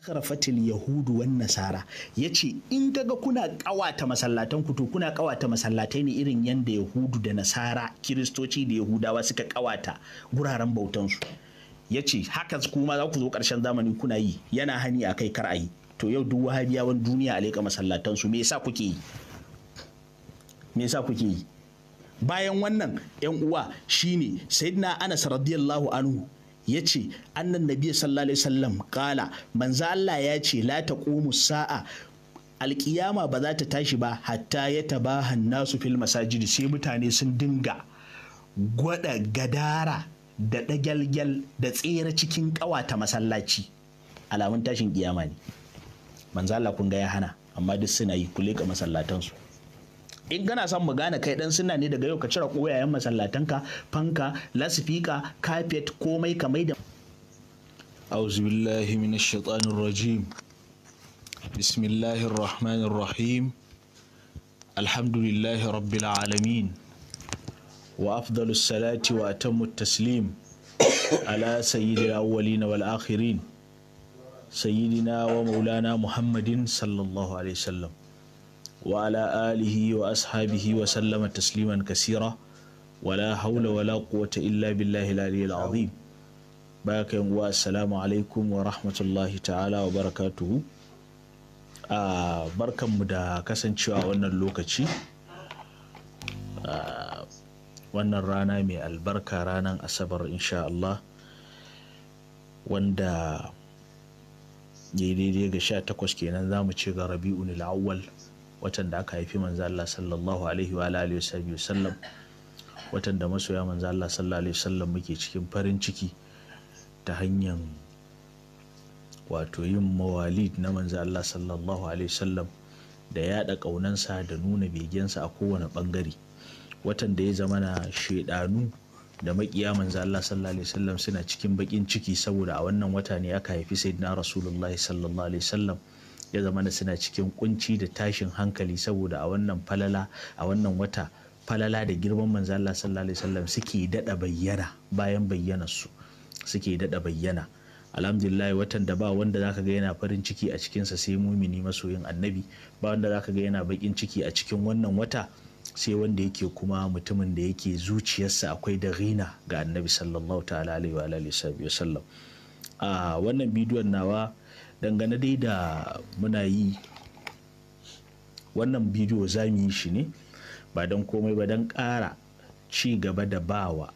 Karafatil yahudu wan nasara ya ce in kaga kuna kawata masallatan to kuna kawata masallatai ne irin yadda yahudu da nasara kiristoci da yahudawa suka kawata guraren bautansu ya ce haka kuma za ku zo karshen zamani kuna yi yana hani a kai kar a yi to yau duk wahabiyawan duniya a leƙa masallatansu me yasa kuke yi me yasa kuke yi bayan wannan yan uwa shine sayyidina anas radiyallahu anhu ya ce annan nabi sallallahu alaihi wasallam kala manzo Allah ya ce la taqumu sa'a alkiyama ba za ta tashi ba hatta ya tabaha nasu fil masajidi sai mutane sun dinga gwada gadara da ɗagyalgyal da tsere cikin ƙawata masallaci alamun tashin kiyama ne manzo Allah kun ga ya hana amma duk suna yi kule ga masallatansu in gana san magana kai ɗan suna ne daga yau ka cire koyayen masallatanka fanka lasifika kafet komai ka maida a'udhu billahi minash shaitanir rajim bismillahir rahmanir rahim alhamdulillahi rabbil alamin wa afdalus salati wa atammu taslim ala sayyidil awwalin wal akhirin sayidina wa maulana muhammadin sallallahu alaihi wasallam Wa'ala alihi wa ashabihi wa sallama tasliman kasira wa la haula wa la quwwata illa billahi al-aliyyil azim baka yan wa assalamu alaikum wa rahmatullahi ta'ala wa barakatuh a barkan mu da kasancewa wannan lokaci wannan rana mai albarka ranan asabar insha Allah wanda ya yi daidai ga sha takwas kenan za mu ce ga rabi'u ni watan da aka haifi manzo Allah sallallahu alaihi wa alihi wasallam watan da masoya manzo Allah sallallahu alaihi wasallam muke cikin farin ciki ta hanyar wato yin mawalid na manzo Allah sallallahu alaihi wasallam da yada kaunansa da nuna begensa a kowane bangare watan da ya zama na shaidanu da makiya manzo Allah sallallahu alaihi wasallam suna cikin bakin ciki saboda a wannan wata ne aka haifi sayyidina rasulullahi sallallahu alaihi wasallam ya zamana suna cikin kunci da tashin hankali saboda a wannan falala a wannan wata falala da girman manzo Allah sallallahu alaihi wasallam suke dada bayyana bayan bayyanar su suke dada bayyana alhamdulillah watan da ba wanda zaka ga yana farin ciki a cikinsa sai mumini masoyin annabi ba wanda zaka ga yana bakin ciki a cikin wannan wata sai wanda yake kuma mutumin da yake zuciyarsa akwai da rina ga annabi sallallahu ta'ala alaihi wa alihi wasallam a ah, wannan bidiyon nawa dangane dai da muna yi wannan bidiyo za mu yi shi ne ba don komai ba don ƙara ci gaba da bawa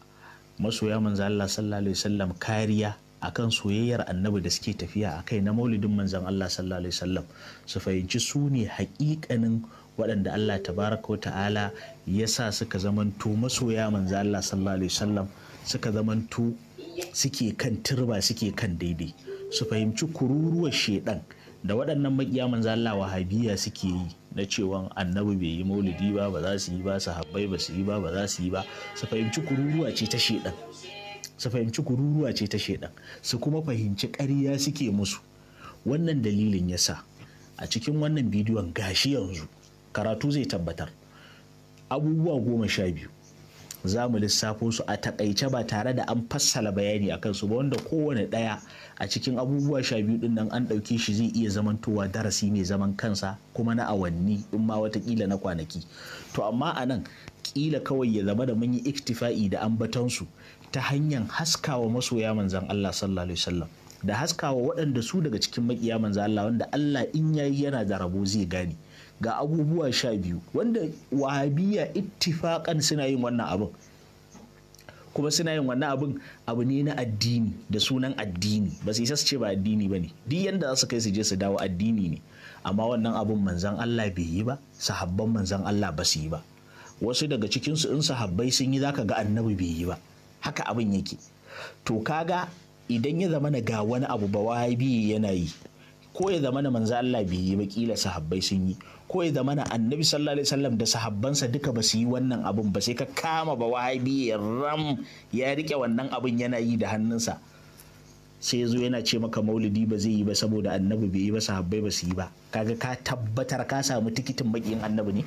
masoya manzo Allah sallallahu alaihi wasallam kariya akan soyayyar annabi da suke tafiya a kai na maulidin manzan Allah sallallahu alaihi wasallam su fahimci su ne haƙiƙanin waɗanda Allah tabaraka wa ta'ala ya sa suka zamanto masoya manzo Allah sallallahu alaihi wasallam suka zamanto suke kan turba suke kan daidai su fahimci kururuwar shedan da waɗannan makiya manzo Allah wahabiya suke yi na cewa annabi bai yi maulidi ba ba za su yi ba su habbai ba su yi ba ba za su yi ba su fahimci kururuwa ce ta shedan su fahimci kururuwa ce ta shedan su kuma fahimci ƙarya suke musu wannan dalilin yasa a cikin wannan bidiyon gashi yanzu karatu zai tabbatar abubuwa goma sha biyu za mu lissafo su a takaice ba tare da an fassala bayani a kansu ba wanda kowane ɗaya a cikin abubuwa sha biyu ɗin nan an ɗauke shi zai iya zamantowa darasi mai zaman kansa kuma na awanni in ma watakila na kwanaki to amma a nan kila kawai ya zama da mun yi iktifa'i da ambatonsu ta hanyar haskawa masoya manzan Allah sallallahu alaihi wasallam da haskawa waɗanda su daga cikin makiya manzan Allah wanda Allah in yayi yana da rabo zai gane ga abubuwa sha biyu wanda wahabiya ittifakan suna yin wannan abin kuma suna yin wannan abin abu ne na addini da sunan addini ba su isa su ce ba addini ba ne duk yadda za su kai su je su dawo addini ne amma wannan abin manzan Allah bai yi ba sahabban manzan Allah ba su yi ba wasu daga cikinsu in sahabbai sun yi zaka ga annabi bai yi ba haka abin yake to kaga idan ya zama na ga wani abu ba wahabi yana yi ko ya zama na manzo Allah bai yi ba kila sahabbai sun yi ko ya zamana annabi sallallahu alaihi wasallam da sahabbansa duka ba su yi wannan abun ba sai ka kama ba wahabi ya ram ya rike wannan abun yana yi da hannunsa sai ya zo yana ce maka maulidi ba zai yi ba saboda annabi bai yi ba sahabbai ba su yi ba kaga ka tabbatar ka samu tikitin bakin annabi ne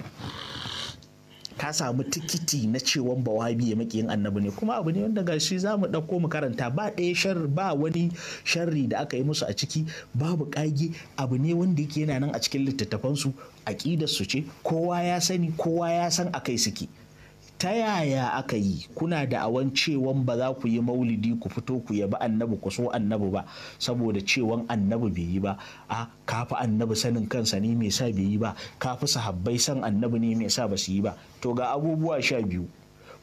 ta samu tikiti na cewan bawabi ya makiyin annabi ne kuma abu ne wanda gashi za mu ɗauko mu karanta ba ɗaya shar ba wani sharri da aka yi musu a ciki babu ƙage abu ne wanda yake yana nan a cikin littattafansu aƙidarsu ce kowa ya sani kowa ya san a kai suke ta yaya aka yi kuna da awan cewan ba za ku yi maulidi ku fito ku yabi annabi ku so annabi ba saboda cewan annabi bai yi ba a kafi annabi sanin kansa ne mai sa bai yi ba kafi sahabbai san annabi ne mai sa ba su yi ba to ga abubuwa sha biyu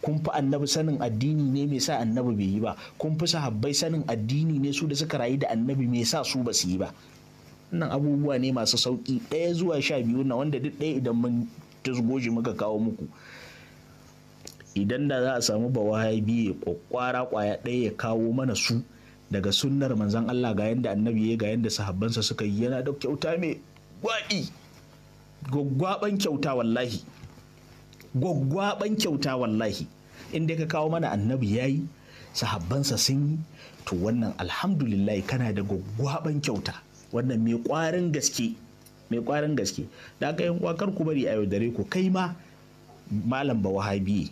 kun fi annabi sanin addini ne mai sa annabi bai yi ba kun fi sahabbai sanin addini ne su da suka rayu da annabi mai sa su ba su yi ba nan abubuwa ne masu sauki ɗaya zuwa sha biyu na wanda duk ɗaya idan mun tasgoji muka kawo muku idan da za a samu bawahabi ya kwakwara kwaya ɗaya ya kawo mana su daga sunnar manzan Allah ga yadda annabi ya ga yadda sahabbansa suka yi yana da kyauta mai gwaɗi gwaggwaban kyauta wallahi gwaggwaban kyauta wallahi inda ka kawo mana annabi ya yi sahabbansa sun yi to wannan alhamdulillah kana da gwaggwaban kyauta wannan mai kwarin gaske mai kwarin gaske da aka yi kwakar ku bari a yaudare ku kai ma malam ba wahabi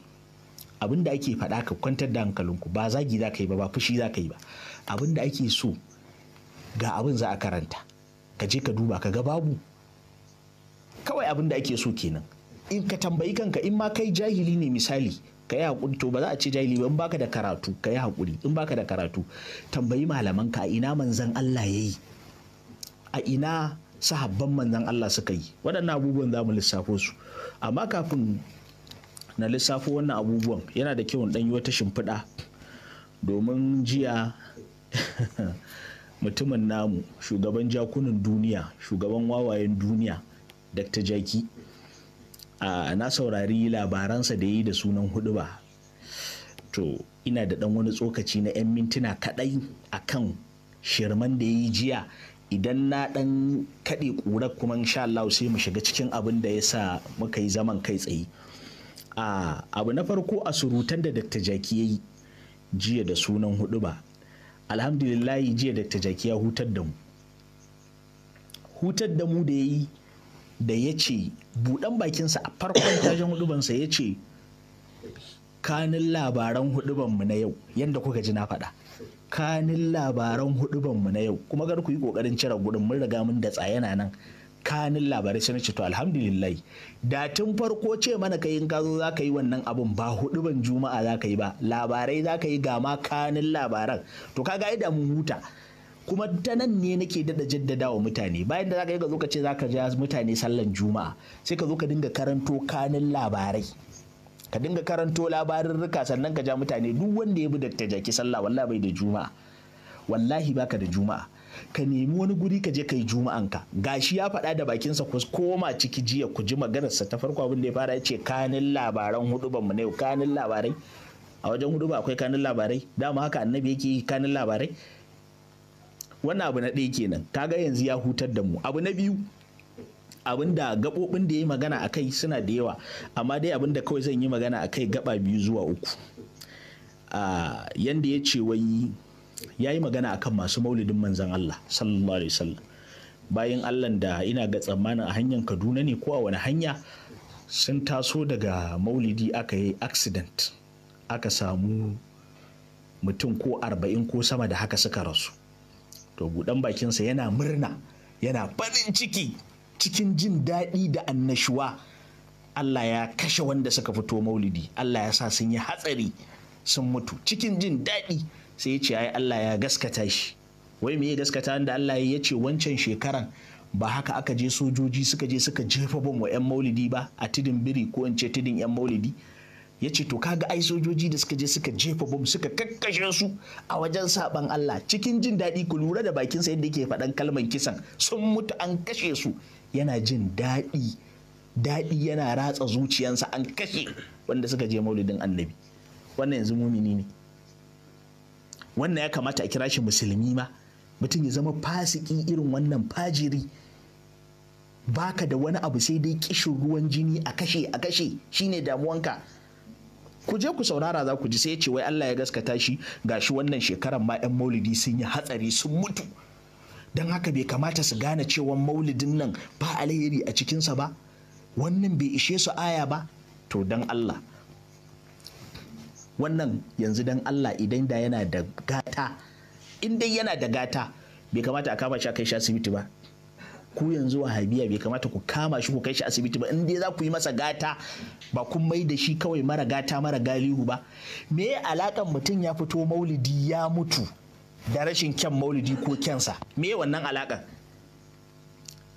abin da ake faɗa ka kwantar da hankalinku ba zagi za ka yi ba ba fushi za ka yi ba abin da ake so ga abin za a karanta ka je ka duba ka ga babu kawai abin da ake so kenan in ka tambayi kanka in ma kai jahili ne misali ka yi haƙuri to ba za a ce jahili ba in baka da karatu ka yi haƙuri in baka da karatu tambayi malamanka a ina manzan Allah ya yi a ina sahabban manzan Allah suka yi waɗannan abubuwan za mu lissafo su amma kafin na lissafo wannan abubuwan yana da kyau ɗan yi wata shimfiɗa domin jiya mutumin namu shugaban jakunan duniya shugaban wawayen duniya dr jaki na saurari labaransa da yi da sunan hudu ba to ina da ɗan wani tsokaci na 'yan mintuna kaɗai kan shirman da ya yi jiya idan na ɗan kaɗe ƙurar kuma sha Allah sai mu shiga cikin abin da ya sa muka yi zaman kai tsaye a abu na farko a surutan da Dr. Jaki ya yi jiya da sunan hudu ba alhamdulillahi jiya Dr. Jaki ya hutar da mu hutar da mu da ya yi da ya ce buɗan bakinsa a farkon tashin hudubansa ya ce kanin labaran hudubanmu na yau yadda kuka ji na faɗa kanin labaran hudubanmu na yau kuma kar ku yi ƙoƙarin cire gudun mun riga mun da na nan kanin labarai sai na ce to alhamdulillah da tun farko ce mana kai in ka zo za ka yi wannan abun ba hudu ban juma'a za ka yi ba labarai za ka yi ga ma kanin labaran to ka ai da mun huta kuma ta nan ne nake dada jaddada wa mutane bayan da za ka yi ka zo ka ce za ka ja mutane sallan juma'a sai ka zo ka dinga karanto kanin labarai ka dinga karanto labarurruka sannan ka ja mutane duk wanda ya bi da jaki sallah wallahi bai da juma'a wallahi baka da juma'a ka nemi wani guri ka je ka yi juma'anka gashi ya faɗa da bakinsa ku koma ciki jiya ku ji maganarsa ta farko abin da ya fara ya ce kanin labaran huduban mu ne kanin labarai a wajen huduba akwai kanin labarai dama haka annabi yake yi kanin labarai wannan abu na ɗaya kenan kaga yanzu ya hutar da mu abu na biyu abin da gaɓoɓin da ya yi magana a kai suna da yawa amma dai abin da kawai zan yi magana a kai gaɓa biyu zuwa uku ah, yanda ya ce wai ya yi magana a kan masu maulidin manzan Allah sallallahu alaihi wasallam bayan Allah da ina ga tsammanin a hanyar Kaduna ne ko a wani hanya sun taso daga maulidi aka yi accident aka samu mutum ko arba'in ko sama da haka suka rasu to buɗan bakinsa yana murna yana farin ciki cikin jin daɗi da annashuwa Allah ya kashe wanda suka fito maulidi Allah ya sa sun yi hatsari sun mutu cikin jin daɗi sai ya ce ai Allah ya gaskata shi wai me ya gaskata da Allah ya ce wancan shekaran ba haka aka je sojoji suka je suka jefa bom wa 'yan maulidi ba a tidin biri ko in ce tudun 'yan maulidi ya ce to kaga ai sojoji da suka je suka jefa bom suka kakkashe su a wajen saban Allah cikin jin daɗi ku lura da bakin sa yadda yake faɗan kalman kisan sun mutu an kashe su yana jin daɗi daɗi yana ratsa zuciyansa an kashe wanda suka je maulidin annabi wannan yanzu mumini ne wannan ya kamata a kira shi musulmi ma mutum ya zama fasiki irin wannan fajiri baka da wani abu sai dai kishin ruwan jini a kashe a kashe shine damuwanka ku je ku saurara za ku ji sai ya ce wai Allah ya gaskata shi gashi wannan shekaran ma 'yan maulidi sun yi hatsari sun mutu don haka bai kamata su gane cewa maulidin nan ba alheri a cikinsa ba wannan bai ishe su aya ba to don Allah wannan yanzu dan Allah idan da yana da gata in dai yana da gata bai kamata a kama shi a kai shi asibiti ba ku yanzu habiya bai kamata ku kama shi ku kai shi asibiti ba in dai za ku yi masa gata ba kun mai da shi kawai mara gata mara galihu ba me alakan mutum ya fito maulidi ya mutu da rashin kyan maulidi ko kyansa me wannan alakan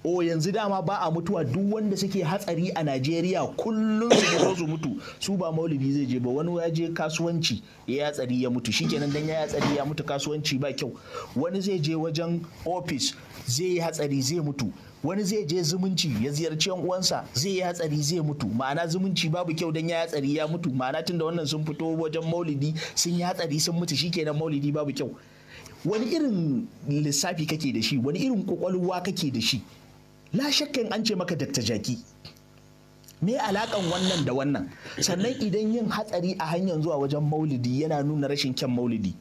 o yanzu dama ba a mutuwa duk wanda suke hatsari a najeriya kullum su su mutu su ba maulidi zai je ba wani ya je kasuwanci ya hatsari ya mutu shikenan dan ya hatsari ya mutu kasuwanci ba kyau wani zai je wajen ofis zai yi hatsari zai mutu wani zai je zumunci ya ziyarci yan uwansa zai yi hatsari zai mutu ma'ana zumunci babu kyau dan ya hatsari ya mutu ma'ana tunda wannan sun fito wajen maulidi sun yi hatsari sun mutu shikenan maulidi babu kyau wani irin lissafi kake da shi wani irin kwakwalwa kake da shi la shakkan an ce maka dakta jaki me alakan wannan da wannan sannan idan yin hatsari a hanyar zuwa wajen maulidi yana nuna rashin kyan maulidi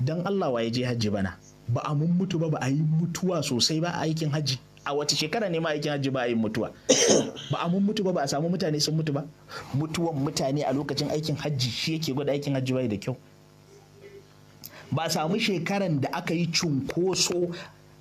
dan Allah wa ya je hajji bana ba a mun mutu ba ba a yi mutuwa sosai ba a aikin hajji a wata shekara ne ma aikin hajji ba a yi mutuwa ba a mun mutu ba ba a samu mutane sun mutu ba mutuwan mutane a lokacin aikin hajji shi yake gwada aikin hajji bai da kyau ba a samu shekaran da aka yi cunkoso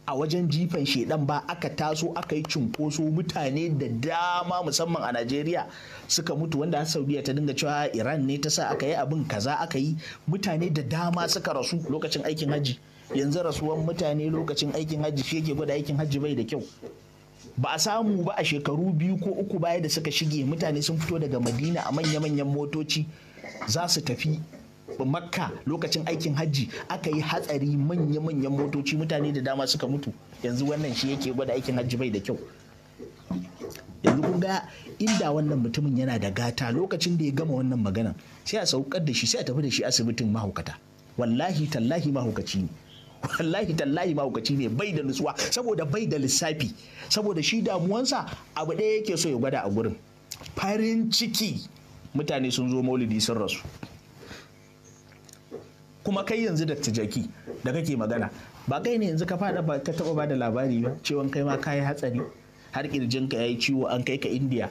a wajen jifan shedan ba aka taso aka yi cunkoso mutane da dama musamman a najeriya suka mutu wanda har saudiya ta dinga cewa iran ne ta sa aka yi abin kaza aka yi mutane da dama suka rasu lokacin aikin hajji yanzu rasuwan mutane lokacin aikin hajji shi yake gwada aikin hajji bai da kyau ba a samu ba a shekaru biyu ko uku baya da suka shige mutane sun fito daga madina a manya-manyan motoci za su tafi makka lokacin aikin hajji aka yi hatsari manya-manyan motoci mutane da dama suka mutu yanzu wannan shi yake gwada aikin hajji bai da kyau yanzu kun ga inda wannan mutumin yana da gata lokacin da ya gama wannan magana sai a saukar da shi sai a tafi da shi asibitin mahaukata wallahi tallahi mahaukaci ne wallahi tallahi mahaukaci ne bai da nutsuwa saboda bai da lissafi saboda shi damuwansa abu ɗaya yake so ya gwada a gurin farin ciki mutane sun zo maulidi sun rasu kuma kai yanzu da tijaki da kake magana ba kai ne yanzu ka fada ba ka taba bada labari ba cewa kai ma kai hatsari har ka yayi ciwo an kai ka India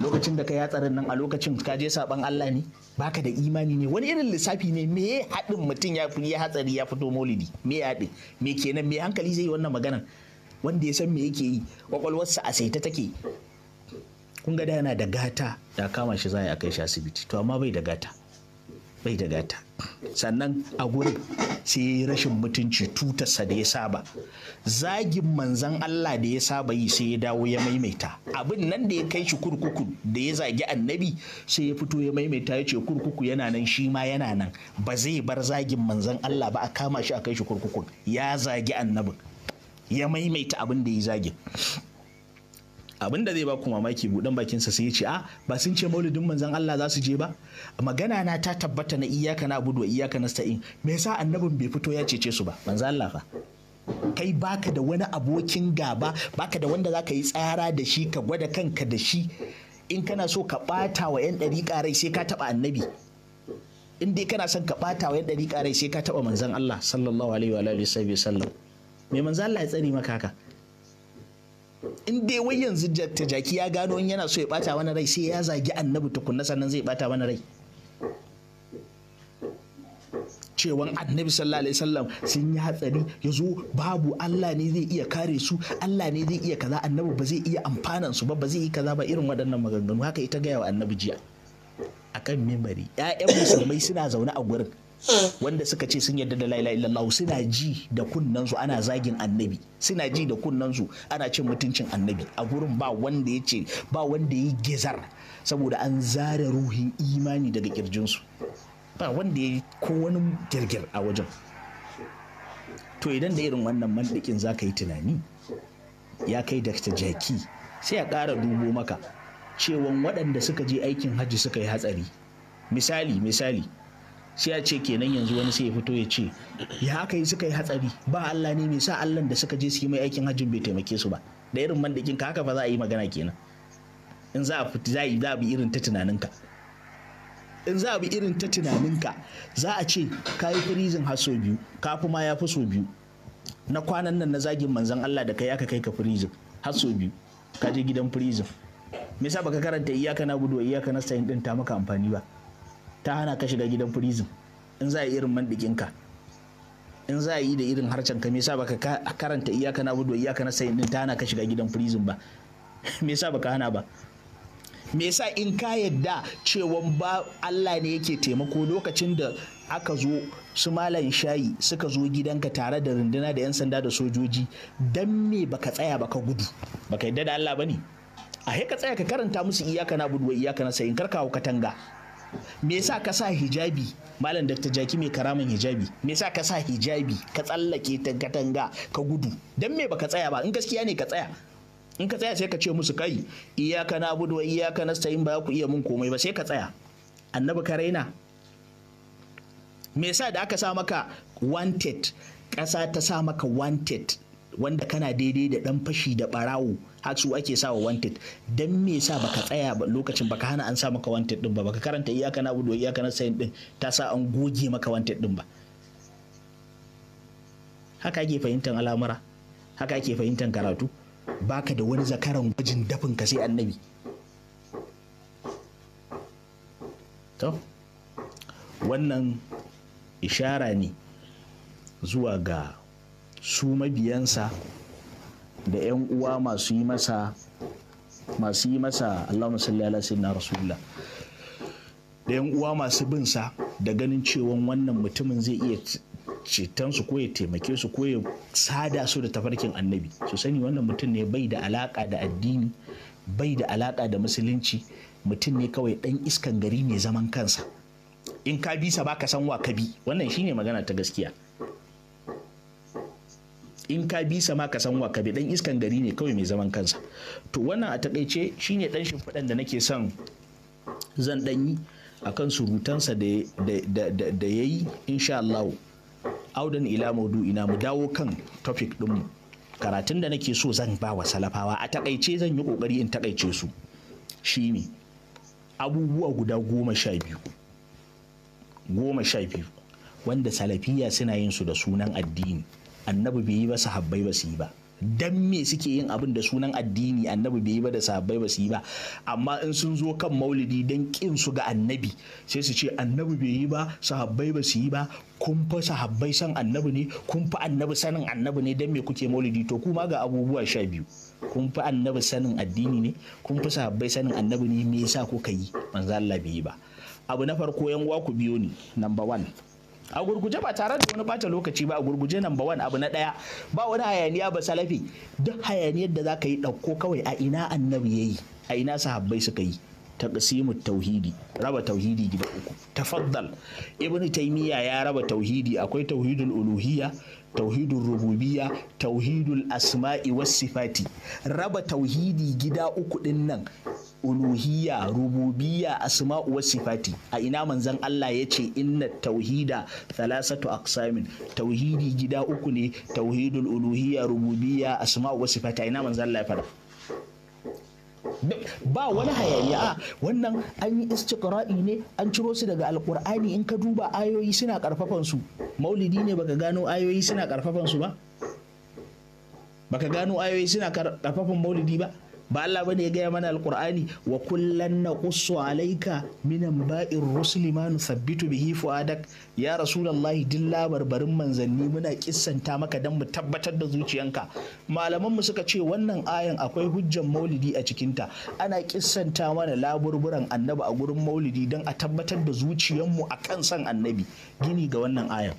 lokacin da kai hatsarin nan a lokacin ka je saban Allah ne baka da imani ne wani irin lissafi ne me haɗin mutum ya fi ya hatsari ya fito maulidi me ya hadin me kenan me hankali zai yi wannan maganan wanda ya san me yake yi kwakwalwarsa a saita take kun ga da yana da gata da kama shi za a kai shi asibiti to amma bai da gata bai da gata. sannan a gurin sai rashin mutunci tutarsa da ya saba zagin manzan Allah da ya saba yi sai ya dawo ya maimaita abin nan da ya kai shi kurkuku da ya zagi annabi sai ya fito ya maimaita ya ce kurkuku yana nan shi ma yana nan ba zai bar zagin manzan Allah ba a kama shi a kai shi kurkuku ya zagi annabin ya maimaita abin da ya zagin abin da zai ba ku mamaki buɗan bakin sa sai ya ce a ba sun ce maulidin manzon Allah za su je ba magana na ta tabbata na iyaka na abudu wa iyaka nasta'in me yasa annabin bai fito ya cece su ba manzon Allah fa kai baka da wani abokin gaba baka da wanda zaka yi tsara da shi ka gwada kanka da shi in kana so ka ɓata wa 'yan dari karai sai ka taɓa annabi in dai kana son ka bata wa 'yan dari karai sai ka taɓa manzon Allah sallallahu alaihi wa alihi wasallam me manzon Allah ya tsare maka haka in dai wai yanzu ta jaki ya gano yana so ya bata wani rai sai ya zagi annabi tukunna sannan zai bata wani rai cewan annabi sallallahu alaihi wasallam sun yi hatsari ya zo babu Allah ne zai iya kare su Allah ne zai iya kaza annabi ba zai iya amfanan su ba ba zai yi kaza ba irin waɗannan maganganu haka ita gaya wa annabi jiya akan mimbari ƴaƴan musulmai suna zaune a gurin wanda suka ce sun yarda da la ilaha illallah suna ji da kunnansu ana zagin annabi suna ji da kunnansu ana cin mutuncin annabi a gurin ba wanda ya ce ba wanda ya gizar saboda an zare ruhin imani daga kirjinsu ba wanda ya ko wani girgir a wajen to idan da irin wannan mandakin za ka yi tunani ya kai da jaki sai a ƙara dubo maka cewan waɗanda suka je aikin hajji suka yi hatsari misali misali sai a ce kenan yanzu wani sai ya fito ya ce ya haka yi suka yi hatsari ba Allah ne mai sa Allah da suka je su yi mai aikin hajjin bai taimake su ba da irin mandakin ka haka ba za a yi magana kenan in za a fita za a bi irin ta tunaninka in za a bi irin ta ka za a ce ka yi firizin har sau biyu ka fi ma ya fi sau biyu na kwanan nan na zagin manzan Allah da kai aka kai ka firizin har sau biyu ka je gidan firizin me yasa baka karanta iyaka na gudu iyaka na sayin din ta maka amfani ba ta hana ka shiga gidan prison in za a yi irin mandikin ka in za a yi da irin harcen ka me yasa baka karanta iyaka na budu iyaka na sayin din ta hana ka shiga gidan prison ba me yasa baka hana ba me yasa in ka yadda cewa ba Allah ne yake taimako lokacin da aka zo su malam shayi suka zo gidanka tare da runduna da 'yan sanda da sojoji dan me baka tsaya baka gudu baka yadda da Allah bane a ka tsaya ka karanta musu iyaka na budu iyaka na sayin karka katanga me yasa ka sa hijabi malam dr jaki mai karamin hijabi me yasa ka sa hijabi ka tsallake ta katanga ka gudu dan me baka tsaya ba in gaskiya ne ka tsaya in ka tsaya sai ka ce musu kai iyaka na budu iyaka nasta'in ba ku iya mun komai ba sai ka tsaya annabi ka raina me yasa da aka sa maka wanted ƙasa ta sa maka wanted wanda kana daidai da dan fashi da barawo har su ake sawa wanted dan me yasa baka tsaya ba lokacin baka hana an sa maka wanted din ba baka karanta iyaka na budo iyaka na sayin din ta sa an goge maka wanted din ba haka ake fahimtar al'amura haka ake fahimtar karatu baka da wani zakaran gwajin dafin ka sai annabi to wannan ishara ne zuwa ga su mabiyansa da 'yan uwa masu yi masa masu yi masa Allahumma salli ala na rasulullah da 'yan uwa masu bin sa da ganin cewa wannan mutumin zai iya ceton su ko ya taimake su ko ya sada su da tafarkin annabi su sani wannan mutum ne bai da alaka da addini bai da alaka da musulunci mutum ne kawai dan iskan gari ne zaman kansa in ka bi bisa baka san wa ka bi wannan shine magana ta gaskiya in ka bi sama ka san wa ka bi dan iskan gari ne kawai mai zaman kansa to wannan a takaice shine dan shimfiɗan da nake son zan dan yi akan surutansa da ya yi insha Allah audan ila ina mu dawo kan topic ɗinmu karatun da nake so zan ba wa salafawa a takaice zan yi kokari in takaice su shine abubuwa guda goma sha biyu goma sha biyu wanda salafiya suna yin su da sunan addini annabi bai yi ba sahabbai ba su yi ba dan me suke yin abin da sunan addini annabi bai yi ba da sahabbai ba su yi ba amma in sun zo kan maulidi dan kin su ga annabi sai su ce annabi bai yi ba sahabbai ba su yi ba kun fa sahabbai san annabi ne kun fa annabi sanin annabi ne dan me kuke maulidi to kuma ga abubuwa sha biyu kun fa annabi sanin addini ne kun fa sahabbai sanin annabi ne me yasa kuka yi manzo Allah bai yi ba abu na farko yan uwa ku biyo ni number one a gurguje ba tare da wani bata lokaci ba a gurguje namba wani abu na ɗaya ba wani hayaniya ba salafi duk hayaniyar da za ka yi ɗauko kawai a ina annabi ya yi a ina sahabbai suka yi taqsimut tauhidi raba tauhidi gida uku tafaddal ibn taymiya ya raba tauhidi akwai tauhidul uluhiyya tauhidun rububiyya tauhidul asma'i was sifati raba tauhidi gida uku din nan uluhiyya rububiyya asma'u was sifati a ina manzon Allah yace inna tauhida thalathatu aqsamin tauhidi gida uku ne tauhidul uluhiyya rububiyya asma'u was sifati a ina manzon Allah ya fara ba wani hayaniya wannan an yi istiqra'i ne an ciro su daga alkur'ani in ka duba ayoyi suna karfafan su maulidi ne baka gano ayoyi suna karfafan su ba baka gano ayoyi suna karfafan maulidi ba ba Allah bane ya gaya mana alqur'ani wa kullan naqussu alayka min ba'ir rusuli ma nusabbitu bihi fuadak ya rasulullahi din labarbarin manzanni muna kissanta maka dan mu tabbatar da zuciyanka malaman mu suka ce wannan ayan akwai hujjan maulidi a cikinta ana kissanta mana laburburan annabi a gurin maulidi dan a tabbatar da zuciyanmu akan san annabi gini ga wannan ayan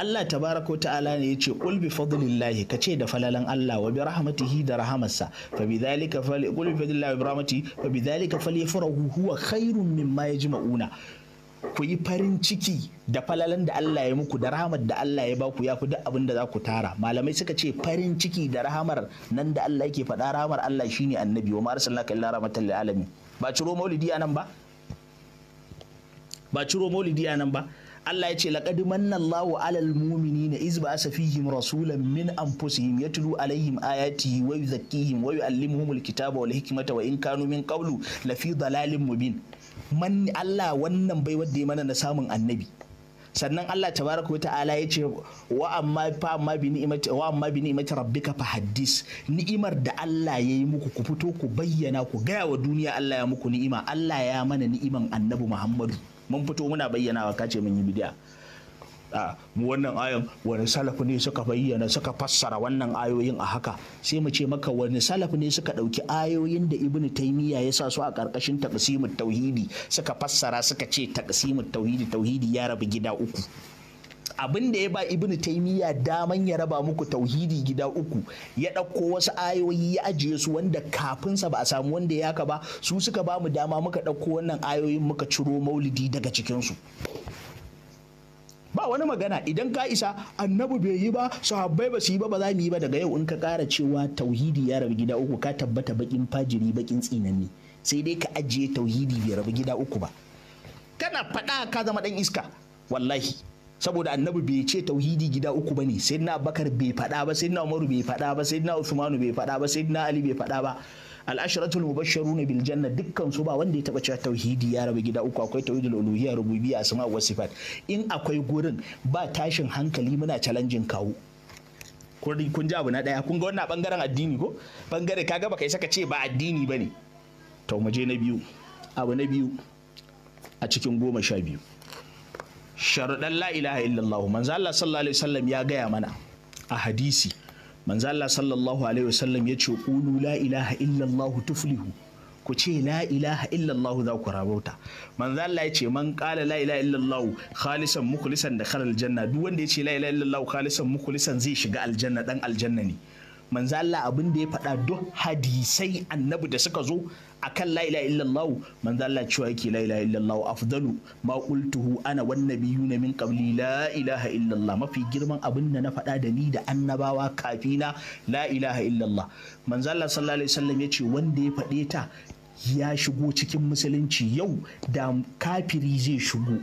Allah tabaraka ta'ala ne yace qul bi fadlillahi kace da falalan Allah wa bi rahmatihi da rahamarsa fa bi dhalika fal qul bi fadlillahi wa bi rahmatihi fa bi dhalika falyafrahu huwa khairun mimma yajma'una ku yi farin ciki da falalan da Allah ya muku da rahamar da Allah ya baku ya ku duk abin da za ku tara malamai suka ce farin ciki da rahamar nan da Allah yake faɗa rahamar Allah shine annabi wa ma arsalnaka illa rahmatan lil alamin ba ciro maulidi anan ba ba ciro maulidi anan ba Allah ya ce laqad manna Allahu 'alal mu'minina iz ba'asa fihim rasulan min anfusihim yatlu alaihim ayatihi wa yuzakkihim wa yu'allimuhumul kitaba wal hikmata wa in kanu min qablu fi dalalin mubin man Allah wannan bai wadda ya mana na samun annabi sannan Allah tabaraka ta'ala ya ce wa amma bi ni'imati wa amma bi ni'imati haddis ni'imar da Allah ya yi muku ku fito ku bayyana ku gaya wa duniya Allah ya muku ni'ima Allah ya mana ni'iman annabi Muhammadu mun fito muna bayyanawa kace mun yi bidiya a wannan ayan wani salafi ne suka bayyana suka fassara wannan ayoyin a haka sai mu ce maka wani salafi ne suka ɗauki ayoyin da ibnu taymiya ya sa su a ƙarƙashin taqsimut tauhidi suka fassara suka ce taqsimut tauhidi tauhidi ya rabu gida uku abin da ya ba ibnu taimiyya daman ya raba muku tauhidi gida uku ya ɗauko wasu ayoyi ya ajiye su wanda kafin sa ba a samu wanda ya haka ba su suka ba mu dama muka ɗauko wannan ayoyin muka ciro maulidi daga cikinsu ba wani magana idan ka isa annabi bai yi ba sahabbai ba su yi ba ba za mu yi ba daga yau in ka kara cewa tauhidi ya rabu gida uku ka tabbata bakin fajiri bakin tsinanni sai dai ka ajiye tauhidi bai rabu gida uku ba kana faɗa ka zama ɗan iska wallahi saboda annabi bai ce tauhidi gida uku bane na abubakar bai faɗa ba Sai na umaru bai faɗa ba Sai na usmanu bai faɗa ba Sai na ali bai faɗa ba al'asharatul mubashsharuna bil janna dukkan su ba wanda ya taba cewa tauhidi ya rabu gida uku akwai tauhidul uluhiyya rububiyya asma wa sifat in akwai gurin ba tashin hankali muna challenging kawo kun ji abu na daya kun ga wannan bangaren addini ko bangare kaga baka isa ka ce ba addini bane to mu na biyu abu na biyu a cikin goma sha biyu sharuɗan la ilaha illallah manzo Allah sallallahu alaihi wasallam ya gaya mana a hadisi manzo Allah sallallahu alaihi wasallam ya ce qulu la ilaha illallah tuflihu ku ce la ilaha illallah za ku rabauta manzo Allah ya ce man qala la ilaha illallah khalisan mukhlisan da khalal janna duk wanda ya ce la ilaha illallah khalisan mukhlisan zai shiga aljanna dan aljanna ne manzo Allah abin da ya faɗa duk hadisai annabi da suka zo akan la ilaha illallah manzo Allah cewa yake la ilaha illallah afdalu ma qultuhu ana wan na min qabli la ilaha illallah mafi girman abin da na faɗa da ni da annabawa kafina la ilaha illallah manzo Allah sallallahu alaihi wasallam yace wanda ya faɗe ta ya shigo cikin musulunci yau da kafiri zai shigo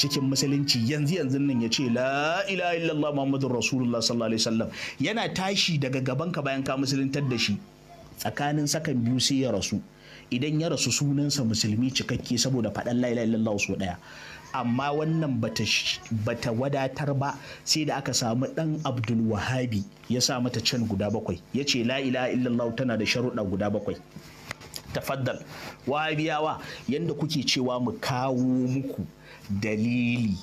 cikin musulunci yanzu yanzu nan ya ce la ilaha illallah muhammadur rasulullah sallallahu alaihi wasallam yana tashi daga gaban ka bayan ka musuluntar da shi tsakanin sakan biyu sai ya rasu idan ya rasu sunansa musulmi cikakke saboda faɗan la ilaha illallah so daya amma wannan bata wadatar ba sai da aka samu ɗan Abdulwahabi ya sa mata can guda bakwai ya ce la ilaha illallah tana da sharuɗa guda bakwai tafaddal wahabiyawa yanda kuke cewa mu kawo muku dalili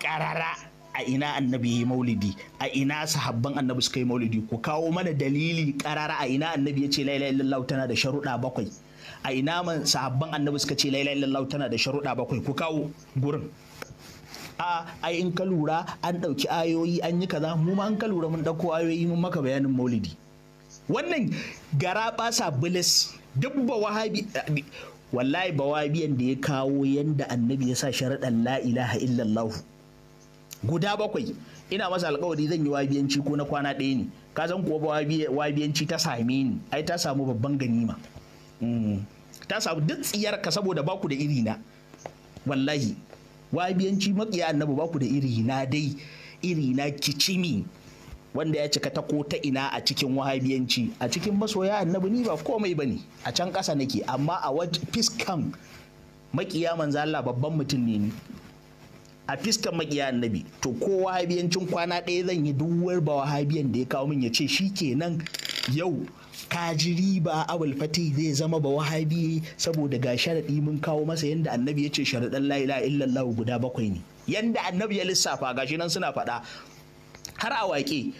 karara a ina annabi ya maulidi a ina sahabban annabi suka yi maulidi ku kawo mana dalili ƙarara a ina annabi ya ce la ilaha illallah tana da sharuɗa bakwai a ina man sahabban annabi suka ce lailai lallau illallah tana da sharuɗa bakwai ku kawo gurin a ai in ka lura an ɗauki ayoyi an yi kaza mu ma an ka lura mun ɗauko ayoyi mun maka bayanin maulidi wannan gara basa bilis duk ba wahabi wallahi ba wahabiyan da ya kawo yanda annabi ya sa sharuɗan la ilaha illallah guda bakwai ina masa alkawari zan yi wabiyanci ko na kwana ɗaya ne ka san kuwa wabiyanci ta same ni ai ta samu babban ganima ta samu duk ka saboda baku da iri na wallahi wabiyanci makiya annabi baku da iri na dai iri na kicimi wanda ya cika ta ko ta ina a cikin wahabiyanci a cikin masoya annabi ni ba komai bane a can ƙasa nake amma a fiskan makiya manzo Allah babban mutum ne ni a fiskan makiya annabi to ko wahabiyancin kwana ɗaya zan yi duk ba wahabiyan da ya kawo min ya ce shi shikenan yau ka ji riba abul fati zai zama ba wahabi saboda ga sharadi mun kawo masa yanda annabi ya ce sharadan la ilaha illallah guda bakwai ne yanda annabi ya lissafa gashi nan suna faɗa har a waƙe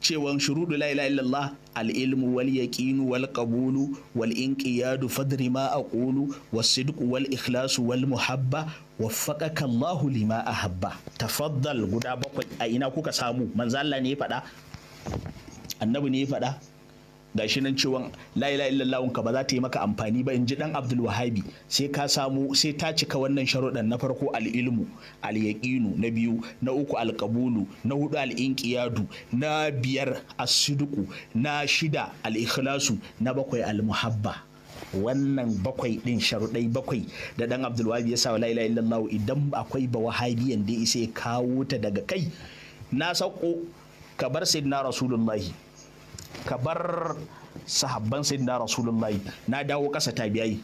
cewan shurudu la ilaha illallah al-ilmu wal yaqinu wal qabulu wal inqiyadu fadri ma aqulu was sidqu wal ikhlasu wal muhabba waffaqaka Allahu lima ahabba tafaddal guda bakwai a ina kuka samu manzo Allah ne ya faɗa annabi ne ya faɗa da shi nan cewa la ilaha illallah ka ba za ta yi maka amfani ba in ji dan Abdul Wahabi sai ka samu sai ta cika wannan sharuɗan na farko al ilmu al yaqinu na biyu na uku al qabulu na hudu al inqiyadu na biyar as na shida al ikhlasu na bakwai al wannan bakwai din sharuɗai bakwai da dan Abdul Wahabi ya sa la ilaha illallah idan akwai ba wahabiyan da isa ya kawo ta daga kai na sauko ka bar sayyidina rasulullahi ka bar sahabban sayyidina rasulullahi na dawo kasa tabi'ai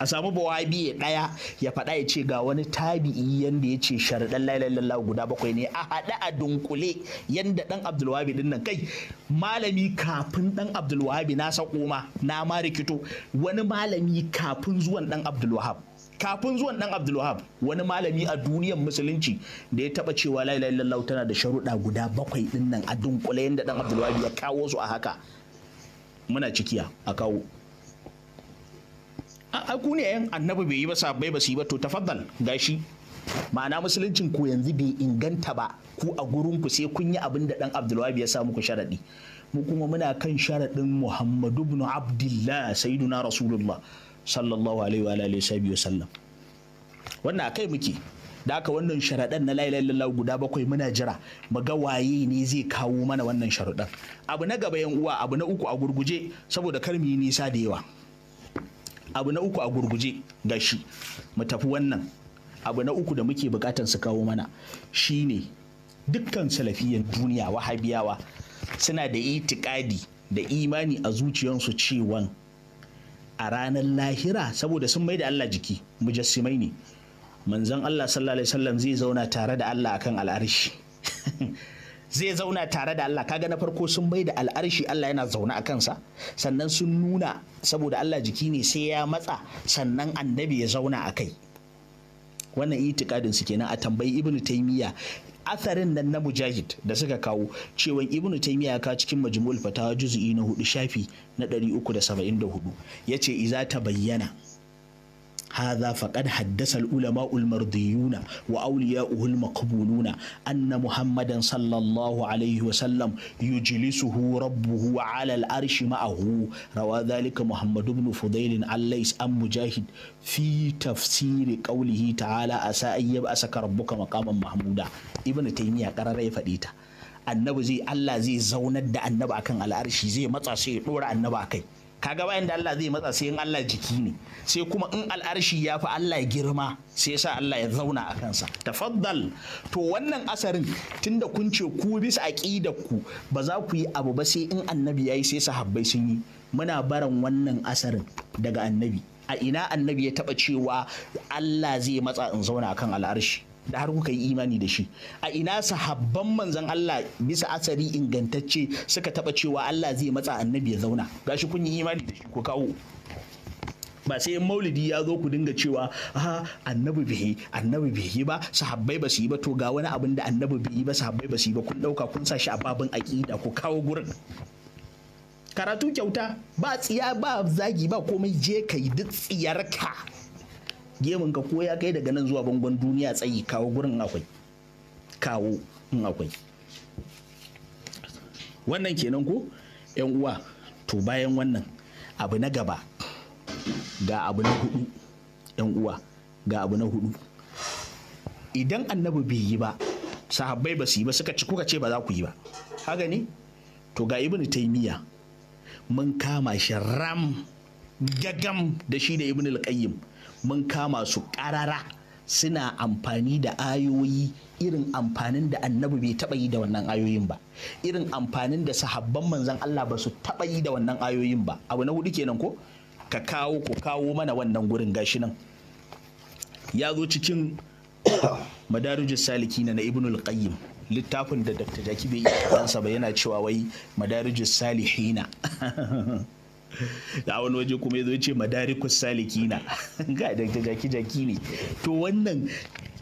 a samu bawa ya ɗaya ya faɗa ya ce ga wani tabi'i yanda ya ce sharaɗan lalala guda bakwai ne a haɗe a dunkule yanda ɗan abdulwahabi din nan kai malami kafin ɗan abdulwahabi na sako ma na ma rikito wani malami kafin zuwan ɗan abdulwahab kafin zuwan ɗan abdulwahab wani malami a duniyar musulunci da ya taba cewa la ilaha illallah tana da sharuɗa guda bakwai din nan a dunkule yanda dan abdulwahab ya kawo su a haka muna cikiya a kawo a ku ne yan annabi bai yi ba sabai ba su yi ba to tafaddal gashi ma'ana musuluncin ku yanzu bai inganta ba ku a gurin ku sai kun yi abin da dan abdulwahab ya sa muku sharadi mu kuma muna kan sharadin muhammadu ibn abdullah sayyiduna rasulullah sallallahu alaihi wa alihi wa sallam wannan akai muke da aka wannan sharaɗan na layi lallahu guda bakwai muna jira mu ga waye ne zai kawo mana wannan sharaɗan abu na gaba yan uwa abu na uku a gurguje saboda kar mu yi nisa da yawa abu na uku a gurguje ga shi mu tafi wannan abu na uku da muke bukatan su kawo mana shine dukkan salafiyan duniya wahabiyawa suna da itikadi da imani a zuciyarsu cewan a ranar lahira saboda sun mai da Allah jiki mujassimai ne manzon Allah sallallahu alaihi wasallam zai zauna tare da Allah akan al'arshi zai zauna tare da Allah kaga na farko sun bai da al'arshi Allah yana zaune a kansa sannan sun nuna saboda Allah jiki ne sai ya matsa sannan annabi ya zauna a kai wannan itikadin su kenan a tambayi ibnu taymiya asarin nan na mujahid da suka kawo cewa ibnu taymiya ka cikin majmu'ul fatawa juz'i na hudu shafi na 374 yace iza ta bayyana هذا فقد حدث العلماء المرضيون وأولياؤه المقبولون أن محمدا صلى الله عليه وسلم يجلسه ربه على العرش معه روى ذلك محمد بن فضيل عن ليس أم مجاهد في تفسير قوله تعالى أسى أن يبأسك ربك مقاما محمودا ابن تيمية قرر يفديتا annabi zai Allah zai zaunar da annabi akan al'arshi zai matsa sai ya dora annabi akai kaga bayan da Allah zai matsa sai in Allah jiki ne sai kuma in al'arshi ya fi Allah girma sai sa Allah ya zauna a kansa tafaddal to wannan asarin tunda kun ce ku bisa aqidar ku ba za ku yi abu ba sai in annabi yayi sai sahabbai sun yi muna baran wannan asarin daga annabi a ina annabi ya taba cewa Allah zai matsa in zauna akan al'arshi da har kuka yi imani da shi a ina sahabban manzon Allah bisa asari ingantacce suka taba cewa Allah zai matsa annabi ya zauna gashi kun yi imani da shi ku kawo ba sai maulidi ya zo ku dinga cewa a annabi bihi annabi bihi ba sahabbai ba su yi ba to ga wani abin da annabi bihi ba sahabbai ba su yi ba kun dauka kun sa shi a babin aqida ku kawo gurin karatu kyauta ba tsiya ba zagi ba komai je kai duk tsiyarka gemun ka ko ya kai daga nan zuwa bangon duniya tsayi kawo gurin akwai kawo in akwai wannan kenan ko yan uwa to bayan wannan abu na gaba ga abu na hudu yan uwa ga abu na hudu idan annabi bai yi ba sahabbai ba su yi ba suka ci kuka ce ba za ku yi ba haka ne to ga ibnu taymiya mun kama shi ram gagam da shi da ibnu al-qayyim mun kama su ƙarara suna amfani da ayoyi irin amfanin da annabi bai taɓa yi da wannan ayoyin ba irin amfanin da sahabban manzan Allah ba su taɓa yi da wannan ayoyin ba abu na hudu kenan ko ka kawo ko kawo mana wannan gurin gashi nan ya zo cikin madarijus saliki na ibnul qayyim littafin da dr jaki bai ba yana cewa wai madarijus salihina da wani waje kuma ya zo ce madarikus salikina ga da jaki jaki ne to wannan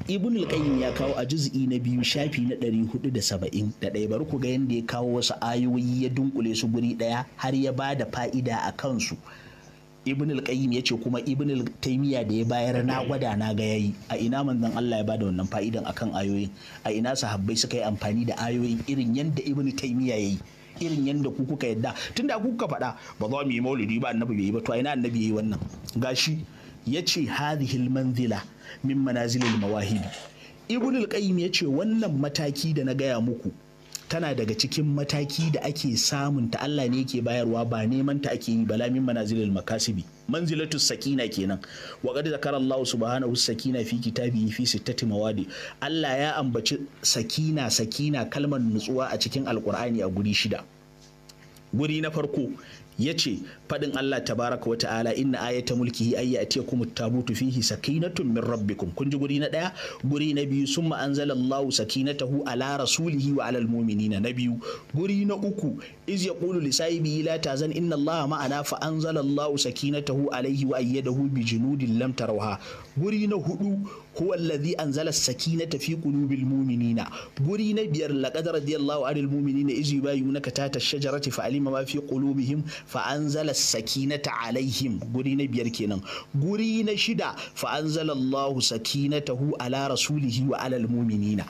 ibn al-qayyim ya kawo a juz'i na biyu shafi na da 471 bari ku ga yanda ya kawo wasu ayoyi ya dunkule su guri daya har ya ba da fa'ida a kansu ibn al-qayyim ya ce kuma ibn al taymiya da ya bayar na gwada na ga yayi a ina manzon Allah ya bada wannan fa'idan akan ayoyin a ina sahabbai suka yi amfani da ayoyin irin yanda ibn taymiya yayi irin yadda ku kuka yadda tunda ku kuka faɗa ba za mu yi maulidi ba annabi bai yi ba to ina annabi yayi wannan gashi yace hadhihi manzila min manazilil mawahib ibnul qayyim yace wannan mataki da na gaya muku tana daga cikin mataki da ake samun ta Allah ne yake bayarwa ba neman ta ake yi ba lamin manazilul makasibi manzilatu sakina kenan wa qad zakara Allah subhanahu sakina fi kitabihi fi sittati mawadi Allah ya ambaci sakina sakina kalmar nutsuwa a cikin alqur'ani a guri shida guri na farko ya ce faɗin Allah tabaraka wa ta'ala inna ayata mulkihi ayya atiyakum tabutu fihi sakinatun min rabbikum kun ji guri na ɗaya guri na biyu summa anzalallahu sakinatahu ala rasulihi wa alal mu'minina na biyu guri na uku iz yaqulu li sahibihi la tazan inna Allah ma'ana fa anzalallahu sakinatahu alaihi wa ayyadahu bi junudin lam tarawha guri na hudu huwa allazi anzala sakinata fi qulubil mu'minina guri na biyar laqad radiyallahu anil mu'minina iz yubayunaka tata shajarati fa alima ma fi qulubihim fa anzala sakinata alaihim guri na biyar kenan guri na shida fa anzala allahu sakinatahu ala rasulihi wa alal mu'minina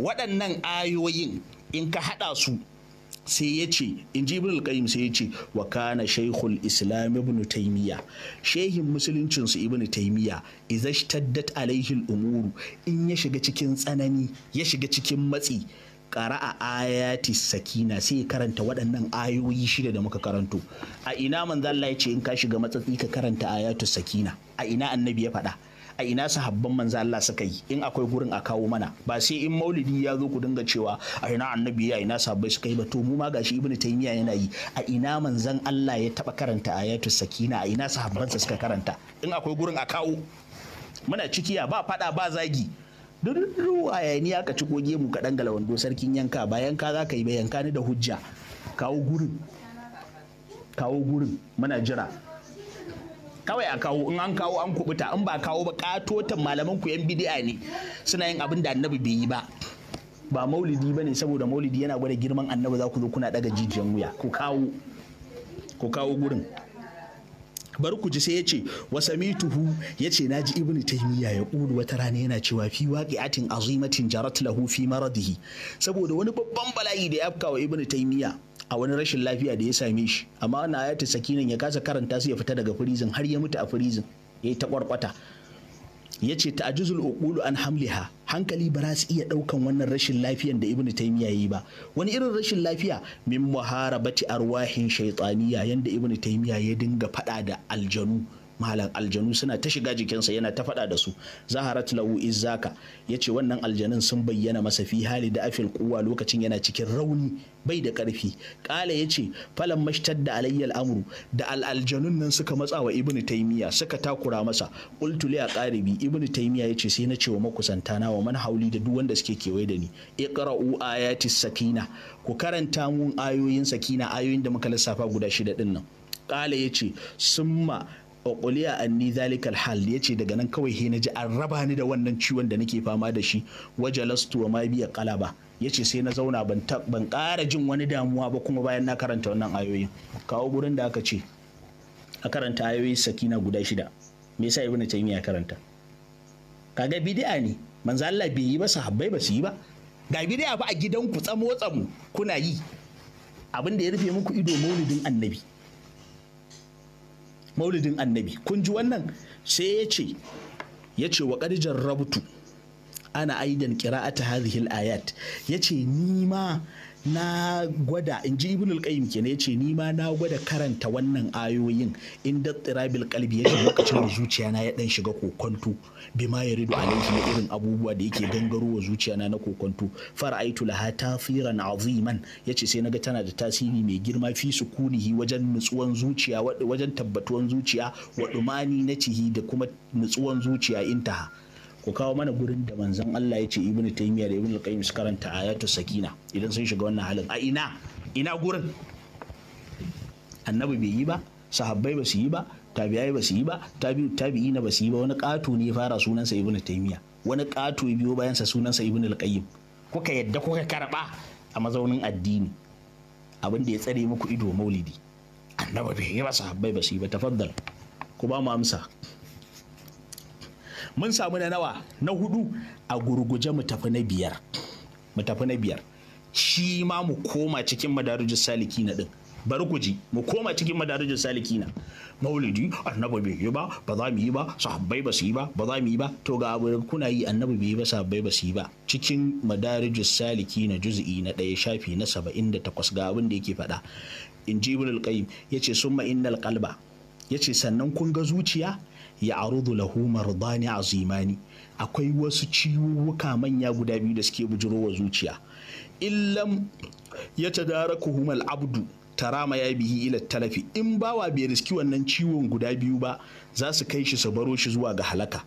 waɗannan ayoyin in ka hada su sai ya ce in ji ibnul qayyim sai ya ce wa kana shaykhul islam ibn taymiya shehin musuluncin su ibn taymiya izashtaddat alaihi al-umuru in ya shiga cikin tsanani ya shiga cikin matsi a ayati sakina sai ya karanta waɗannan ayoyi shida da muka karanto a ina manzo Allah ya ce in ka shiga matsatsi ka karanta ayatu sakina a ina annabi ya faɗa a ina sahabban manzo Allah suka yi in akwai gurin a kawo mana ba sai in maulidi ya zo ku dinga cewa a ina annabi ya ina sahabbai suka yi ba to mu ma gashi ibnu taymiya yana yi a ina manzon Allah ya taba karanta ayatu sakina a ina sahabbansa suka karanta in akwai gurin a kawo muna cikiya ba fada ba zagi duk ruwaya ni aka ci goge mu kaɗan galawando sarkin yanka Bayan yanka za ka yi ba yanka ni da hujja kawo gurin kawo gurin muna jira kawai a kawo in an kawo an kubuta in ba kawo ba katotan malaman ku yan bidi'a ne suna yin abin da annabi bai yi ba ba maulidi ba ne saboda maulidi yana gwada girman annabi za ku zo kuna daga jijiyan wuya ku kawo ku kawo gurin bari ku ji sai yace wasamituhu yace naji ibnu taymiya ya kulu wata rana yana cewa fi waqi'atin azimatin jarat lahu fi maradihi saboda wani babban bala'i da ya afkawa ibnu taymiya a wani rashin lafiya da ya same shi amma wannan ayatul sakinin ya kasa karanta su ya fita daga firizin har ya mutu a firizin ya yi ta kwarkwata ya ce ta'ajizul uqulu an hamliha hankali ba za su iya ɗaukan wannan rashin lafiyan da ibnu taymiya yi ba wani irin rashin lafiya min muharabati arwahin shaytaniya yanda ibnu taymiya ya dinga faɗa da aljanu malam aljanu suna ta shiga jikinsa yana ta faɗa da su zaharat lahu izzaka yace wannan aljanun sun bayyana masa fi hali da afil kuwa lokacin yana cikin rauni bai da ƙarfi ƙala yace falan mashtar da alayyal amru da al'aljanun nan suka matsa wa ibnu taymiya suka takura masa qultu li aqaribi ibnu taymiya yace sai na ce wa makusanta na wa man hauli da duk wanda suke kewaye da ni iqra'u ayati sakina ku karanta mun ayoyin sakina ayoyin da muka lissafa guda shida din nan ƙala yace summa a anni zalikal hal ce daga nan kawai he na ji an raba ni da wannan ciwon da nake fama da shi waje wa ma biya ya ce sai na zauna ban ban ƙara jin wani damuwa ba kuma bayan na karanta wannan ayoyin kawo gurin da aka ce a karanta ayoyi sakina guda shida me yasa ibnu taymiya karanta kaga bid'a ne manzo Allah bai yi ba sahabbai ba su yi ba ga bid'a ba a gidan ku tsamo tsamo kuna yi abin da ya rufe muku ido maulidin annabi maulidin annabi kun ji wannan sai ya ce ya ce wa ƙarjar rabutu ana aidan ƙira'ata hadhihi ayat ya ce ni ma na gwada in ji al qayyim kenan yace ni ma na gwada karanta wannan ayoyin inda tsirabil qalbi yake lokacin da zuciya na ya dan shiga kokonto bima yaridu alayhi na irin abubuwa da yake gangarowa zuciya na na kokonto fara'aitu laha tafiran aziman yace sai naga tana da tasiri mai girma fi sukunihi wajen nutsuwan zuciya wajen tabbatuwan zuciya wa na cihi da kuma nutsuwan zuciya intaha ku kawo mana gurin da manzon Allah ya ce ibnu taymiya da ibnu qayyim su karanta ayatu sakina idan sun shiga wannan halin a ina ina gurin annabi bai yi ba sahabbai ba su yi ba tabi'ai ba su yi ba tabi'u na ba su yi ba wani ƙato ne ya fara sunansa ibnu taymiya wani ƙato biyo bayan sa sunansa ibnu al kuka yadda kuka karɓa a mazaunin addini abin da ya tsare muku ido maulidi annabi bai yi ba sahabbai ba su yi ba tafaddal ku ba mu amsa mun samu na nawa na hudu a gurguje mu tafi na biyar mu tafi na biyar shi ma mu koma cikin madarujin saliki na din bari ku mu koma cikin saliki na. maulidi annabi bai yi ba ba za mu yi ba sahabbai ba su yi ba ba za mu yi ba to ga abu kuna yi annabi bai yi ba sahabbai ba su yi ba cikin saliki na juz'i na ɗaya shafi na saba'in da ga abin da yake faɗa in ji qayyim yace summa innal qalba yace sannan kun ga zuciya ya arudu lahu mardani azimani akwai wasu ciwuwuka manya guda biyu da suke wa zuciya illam ya tadarakuhum al-abdu tarama ya bihi ila talafi in bawa bai riski wannan ciwon guda biyu ba za su kai shi su baro shi zuwa ga halaka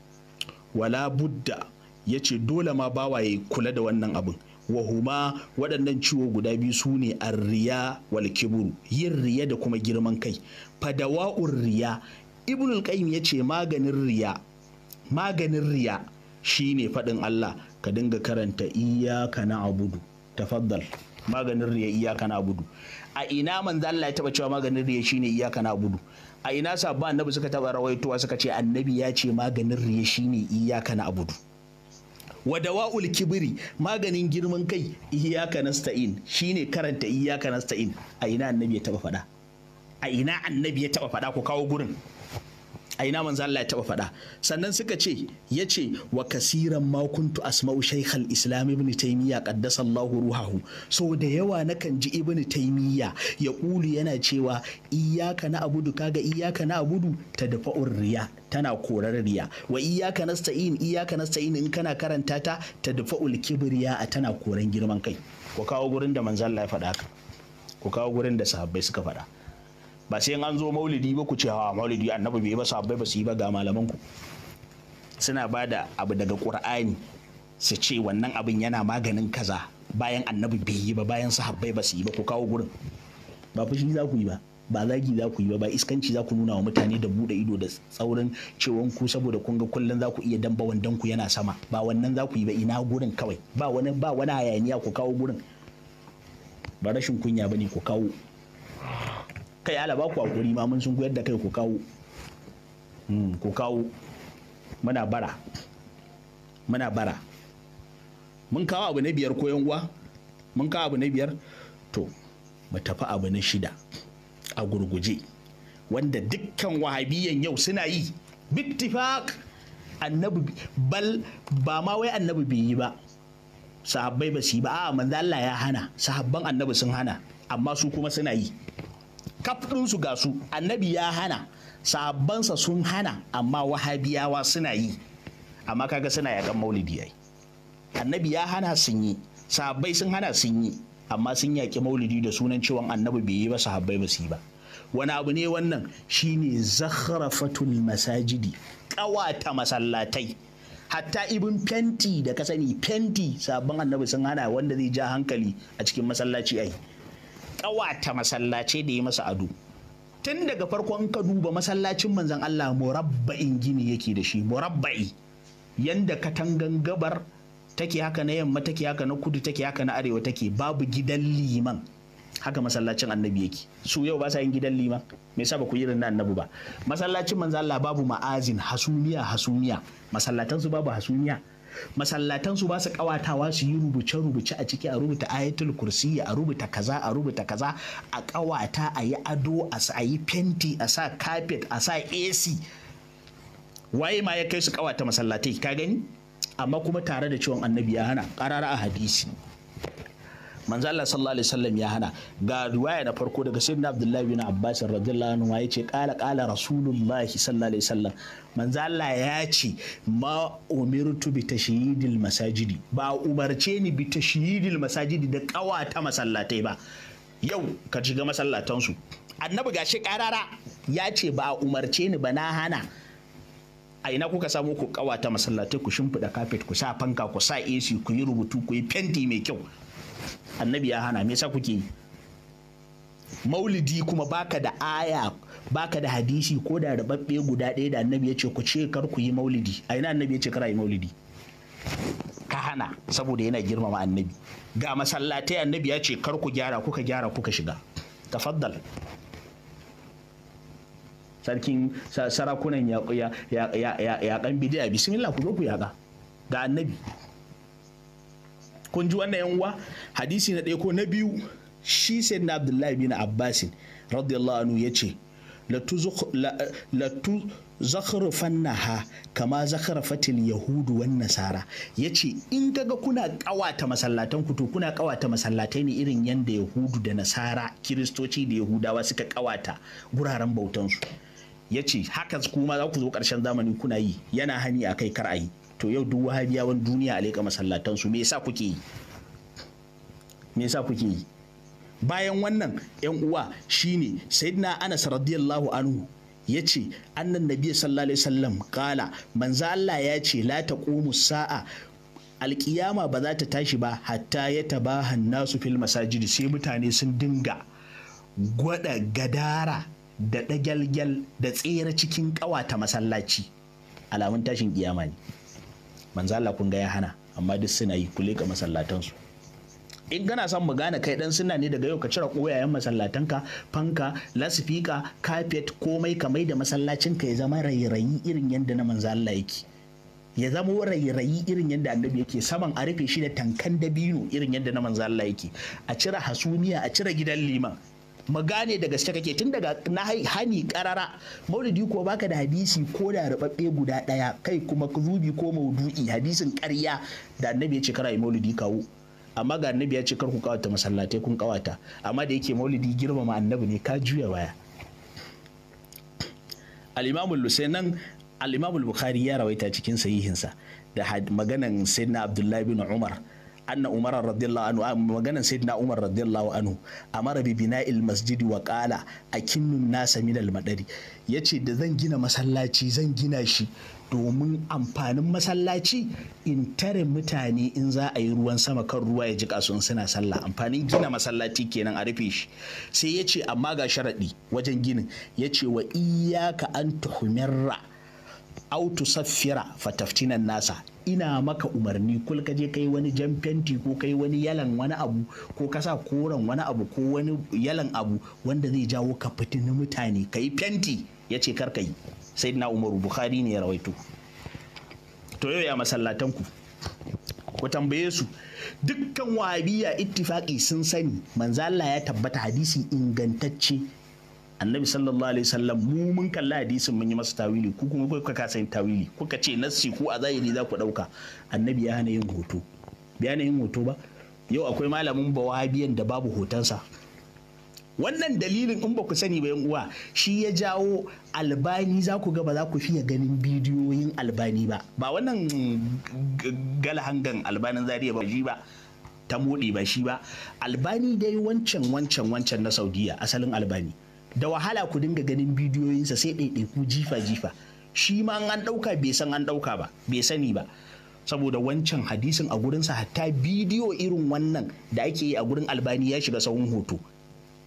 wala budda ya ce dole ma bawa ya kula da wannan abin wahuma waɗannan ciwo guda biyu su ne arriya wal kiburu yin riya da kuma girman kai Fadawa'un riya ibnul qayyim ya ce maganin riya maganin riya shine faɗin Allah ka dinga karanta iyaka na abudu tafaddal maganin riya iyaka na abudu a ina manzo Allah ya taba cewa maganin riya shine iyaka na abudu a ina sabba annabi suka taba rawaitowa suka ce annabi ya ce maganin riya shine iyaka na abudu dawa'ul kibiri maganin girman kai iyyaka nasta'in shine karanta iyaka nasta'in a ina annabi ya taba faɗa a ina annabi ya taba faɗa ku kawo gurin a ina manzo Allah ya taba faɗa sannan suka ce ya ce, wa kasiran ma kuntu asma'u shaykhal islam ibn taymiya Allah ruhahu so da yawa na kan ji ibn taymiya ya kulu yana cewa iyyaka na abudu kaga iyyaka na abudu tadfa'ur riya tana korar riya wa iyyaka nasta'in iyyaka nasta'in in kana karanta ta tadfa'ul kibriya a tana koran girman kai ku kawo gurin da manzo Allah ya faɗa ka ku kawo gurin da sahabbai suka faɗa ba sai an zo maulidi ba ku ce hawa maulidi annabi bai ba sahabbai ba su yi ba ga malaman ku suna ba da abu daga qur'ani su ce wannan abin yana maganin kaza bayan annabi bai yi ba bayan sahabbai ba su yi ba ku kawo gurin ba fushi za ku yi ba ba zagi za ku yi ba ba iskanci za ku nuna wa mutane da bude ido da tsaurin cewon ku saboda kun ga kullun za ku iya damba wandan ku yana sama ba wannan za ku yi ba ina gurin kawai ba wani ba wani hayaniya ku kawo gurin ba rashin kunya bane ku kawo kai alaba ku a guri ma mun sun koyar da kai ku kawo hmm, ku kawo muna bara muna bara mun kawo abu na biyar ko uwa mun kawo abu na biyar to mu tafi abu na shida a gurguje wanda dukkan wahabiyan yau suna yi bittifaq annabi bal ba ma wai annabi bai yi ba sahabbai ba su yi ba a'a manzo Allah ya hana sahabban annabi sun hana amma su kuma suna yi kaf su ga su annabi ya hana sabansa sun hana amma wahabiyawa suna yi amma kaga suna yakan maulidi yayi annabi ya hana sun yi sahabbai sun hana sun yi amma sun yaki maulidi da sunan cewa annabi bai yi ba sahabbai ba su yi ba wani abu ne wannan shine zakharafatul masajidi ƙawata masallatai hatta ibin fenti da ka sani fenti sabon annabi sun hana wanda zai ja hankali a cikin masallaci ai ƙawata masallaci da yi masa ado tun daga farkon ka duba masallacin manzan Allah murabba'in gini yake da shi murabba'i yanda katangan gabar take haka na yamma take haka na kudu take haka na arewa take babu gidan liman haka masallacin annabi yake su yau ba sa yin gidan liman me yasa ba ku irin na annabi ba masallacin manzan Allah babu ma'azin hasumiya hasumiya masallatan su babu hasumiya masallatan su ba su kawatawa su yi rubuce rubuce a ciki a rubuta ayatul kursi a rubuta kaza a rubuta kaza a kawata a yi ado a yi fenti a sa carpet a sa AC waye ma ya kai su kawata masallatai ka gani amma kuma tare da ciwon annabi ya hana ƙarara a hadisi manzo Allah sallallahu alaihi wasallam ya hana ga riwaya na farko daga sayyidina Abdullahi bin Abbas radhiyallahu anhu ya ce qala qala rasulullahi sallallahu alaihi wasallam manzo Allah ya ce ma umirtu bi tashyidil masajidi ba umarce ni bi tashyidil masajidi da kawata masallatai ba yau ka shiga masallatansu annabi gashi karara ya ce ba umarce ni ba na hana a ina kuka samu ku kawata masallatai ku shimfida kafet ku sa fanka ku sa AC ku yi rubutu ku yi fenti mai kyau annabi ya hana me yasa kuke yi maulidi kuma baka da aya baka da hadisi ko da rababbe guda ɗaya da annabi ya ce ku ce kar ku yi maulidi a ina annabi ya ce kar yi maulidi ka hana saboda yana girmama annabi ga masallatai annabi ya ce kar ku gyara kuka gyara kuka shiga tafaddal sarkin sarakunan yaƙan bidiya bismillah ku zo ku yaƙa ga annabi kun ji wannan yan uwa hadisi na ɗaya ko na biyu shi sai na abdullahi bin abbasin radiyallahu anhu ya ce latu ha kama zakharfatil yahudu wan nasara Ya ce in kaga kuna kawata masallatan ku to kuna kawata masallatai ne irin yanda yahudu da nasara kiristoci da yahudawa suka kawata guraren bautansu Ya yace haka kuma za ku zo karshen zamani kuna yi yana hani a kai kar a yi to yau duk wahabiyawan duniya a leƙa masallatansu me yasa kuke yi me yasa kuke yi bayan wannan yan uwa shine sayyidina anas radiyallahu anhu ya ce annan nabiya sallallahu alaihi wasallam kala manzo Allah ya ce la taqumu sa'a alkiyama ba za ta tashi ba hatta ya tabaha nasu fil masajid sai mutane sun dinga gwada gadara da dagalgal da tsere cikin kawata masallaci alamun tashin kiyama ne manzo kun ga ya hana amma duk suna yi kule ka masallatansu in kana son mu gane kai dan suna ne daga yau ka cire koyayen masallatan ka fanka lasifika kafet komai ka mai da masallacinka ya zama rairayi irin yadda na manzo Allah yake ya zama rairayi irin yadda annabi yake saman a rufe shi da tankan dabino irin yadda na manzo Allah yake a cire hasumiya a cire gidan liman mu gane da gaske kake tun daga na hani karara maulidi ko baka da hadisi ko da rubabbe guda daya kai kuma kuzubi ko maudu'i hadisin ƙarya da annabi ya ce kara yi maulidi kawo amma ga annabi ya ce kar ku kawata masallatai kun kawata amma da yake maulidi girmama annabi ne ka juya baya al-imamul nan al al bukhari ya rawaita cikin sahihinsa da maganan sayyidina abdullahi bin umar anna umar radiyallahu anhu maganan sayyidina umar radiyallahu anhu amara bi bina'il masjidi wa qala akinnu nasa min al madari yace da zan gina masallaci zan gina shi domin amfanin masallaci in tare mutane in za a yi ruwan sama kan ruwa ya ji kasuwan suna sallah amfanin gina masallaci kenan a rufe shi sai yace ce amma ga sharaɗi wajen ginin yace wa iyyaka an tuhumirra autu saffira fataftinan nasa ina maka umarni kul ka je kai wani jan fenti ko kai wani yalan wani abu ko ka sa koren wani abu ko wani yalan abu wanda zai jawo ka na mutane ka yi fenti ya ce kar ka yi sai na umaru bukhari ne ya rawaito to yau ya masallatan ku ku tambaye su dukkan wabiya ittifaki sun sani manzo Allah ya tabbata hadisi ingantacce annabi sallallahu alaihi wasallam mu mun kalla hadisin mun yi masa tawili ku kuma kuka kasa yin tawili kuka ce nassi ku a zahiri za ku dauka annabi ya hana yin hoto bai hana yin hoto ba yau akwai malamin biyan da babu hotonsa wannan dalilin in ba ku sani ba yan uwa shi ya jawo albani za ku ba za ku fiye ganin bidiyoyin albani ba ba wannan galahangan albanin zariya ba ji ba ta moɗe ba shi ba albani dai wancan wancan wancan na saudiya asalin albani da wahala ku dinga ganin bidiyoyinsa sai ɗaiɗaiku jifa-jifa shi ma an ɗauka bai san an ɗauka ba bai sani ba saboda wancan hadisin a gurinsa hatta bidiyo irin wannan da ake yi a gurin albani ya shiga sahun hoto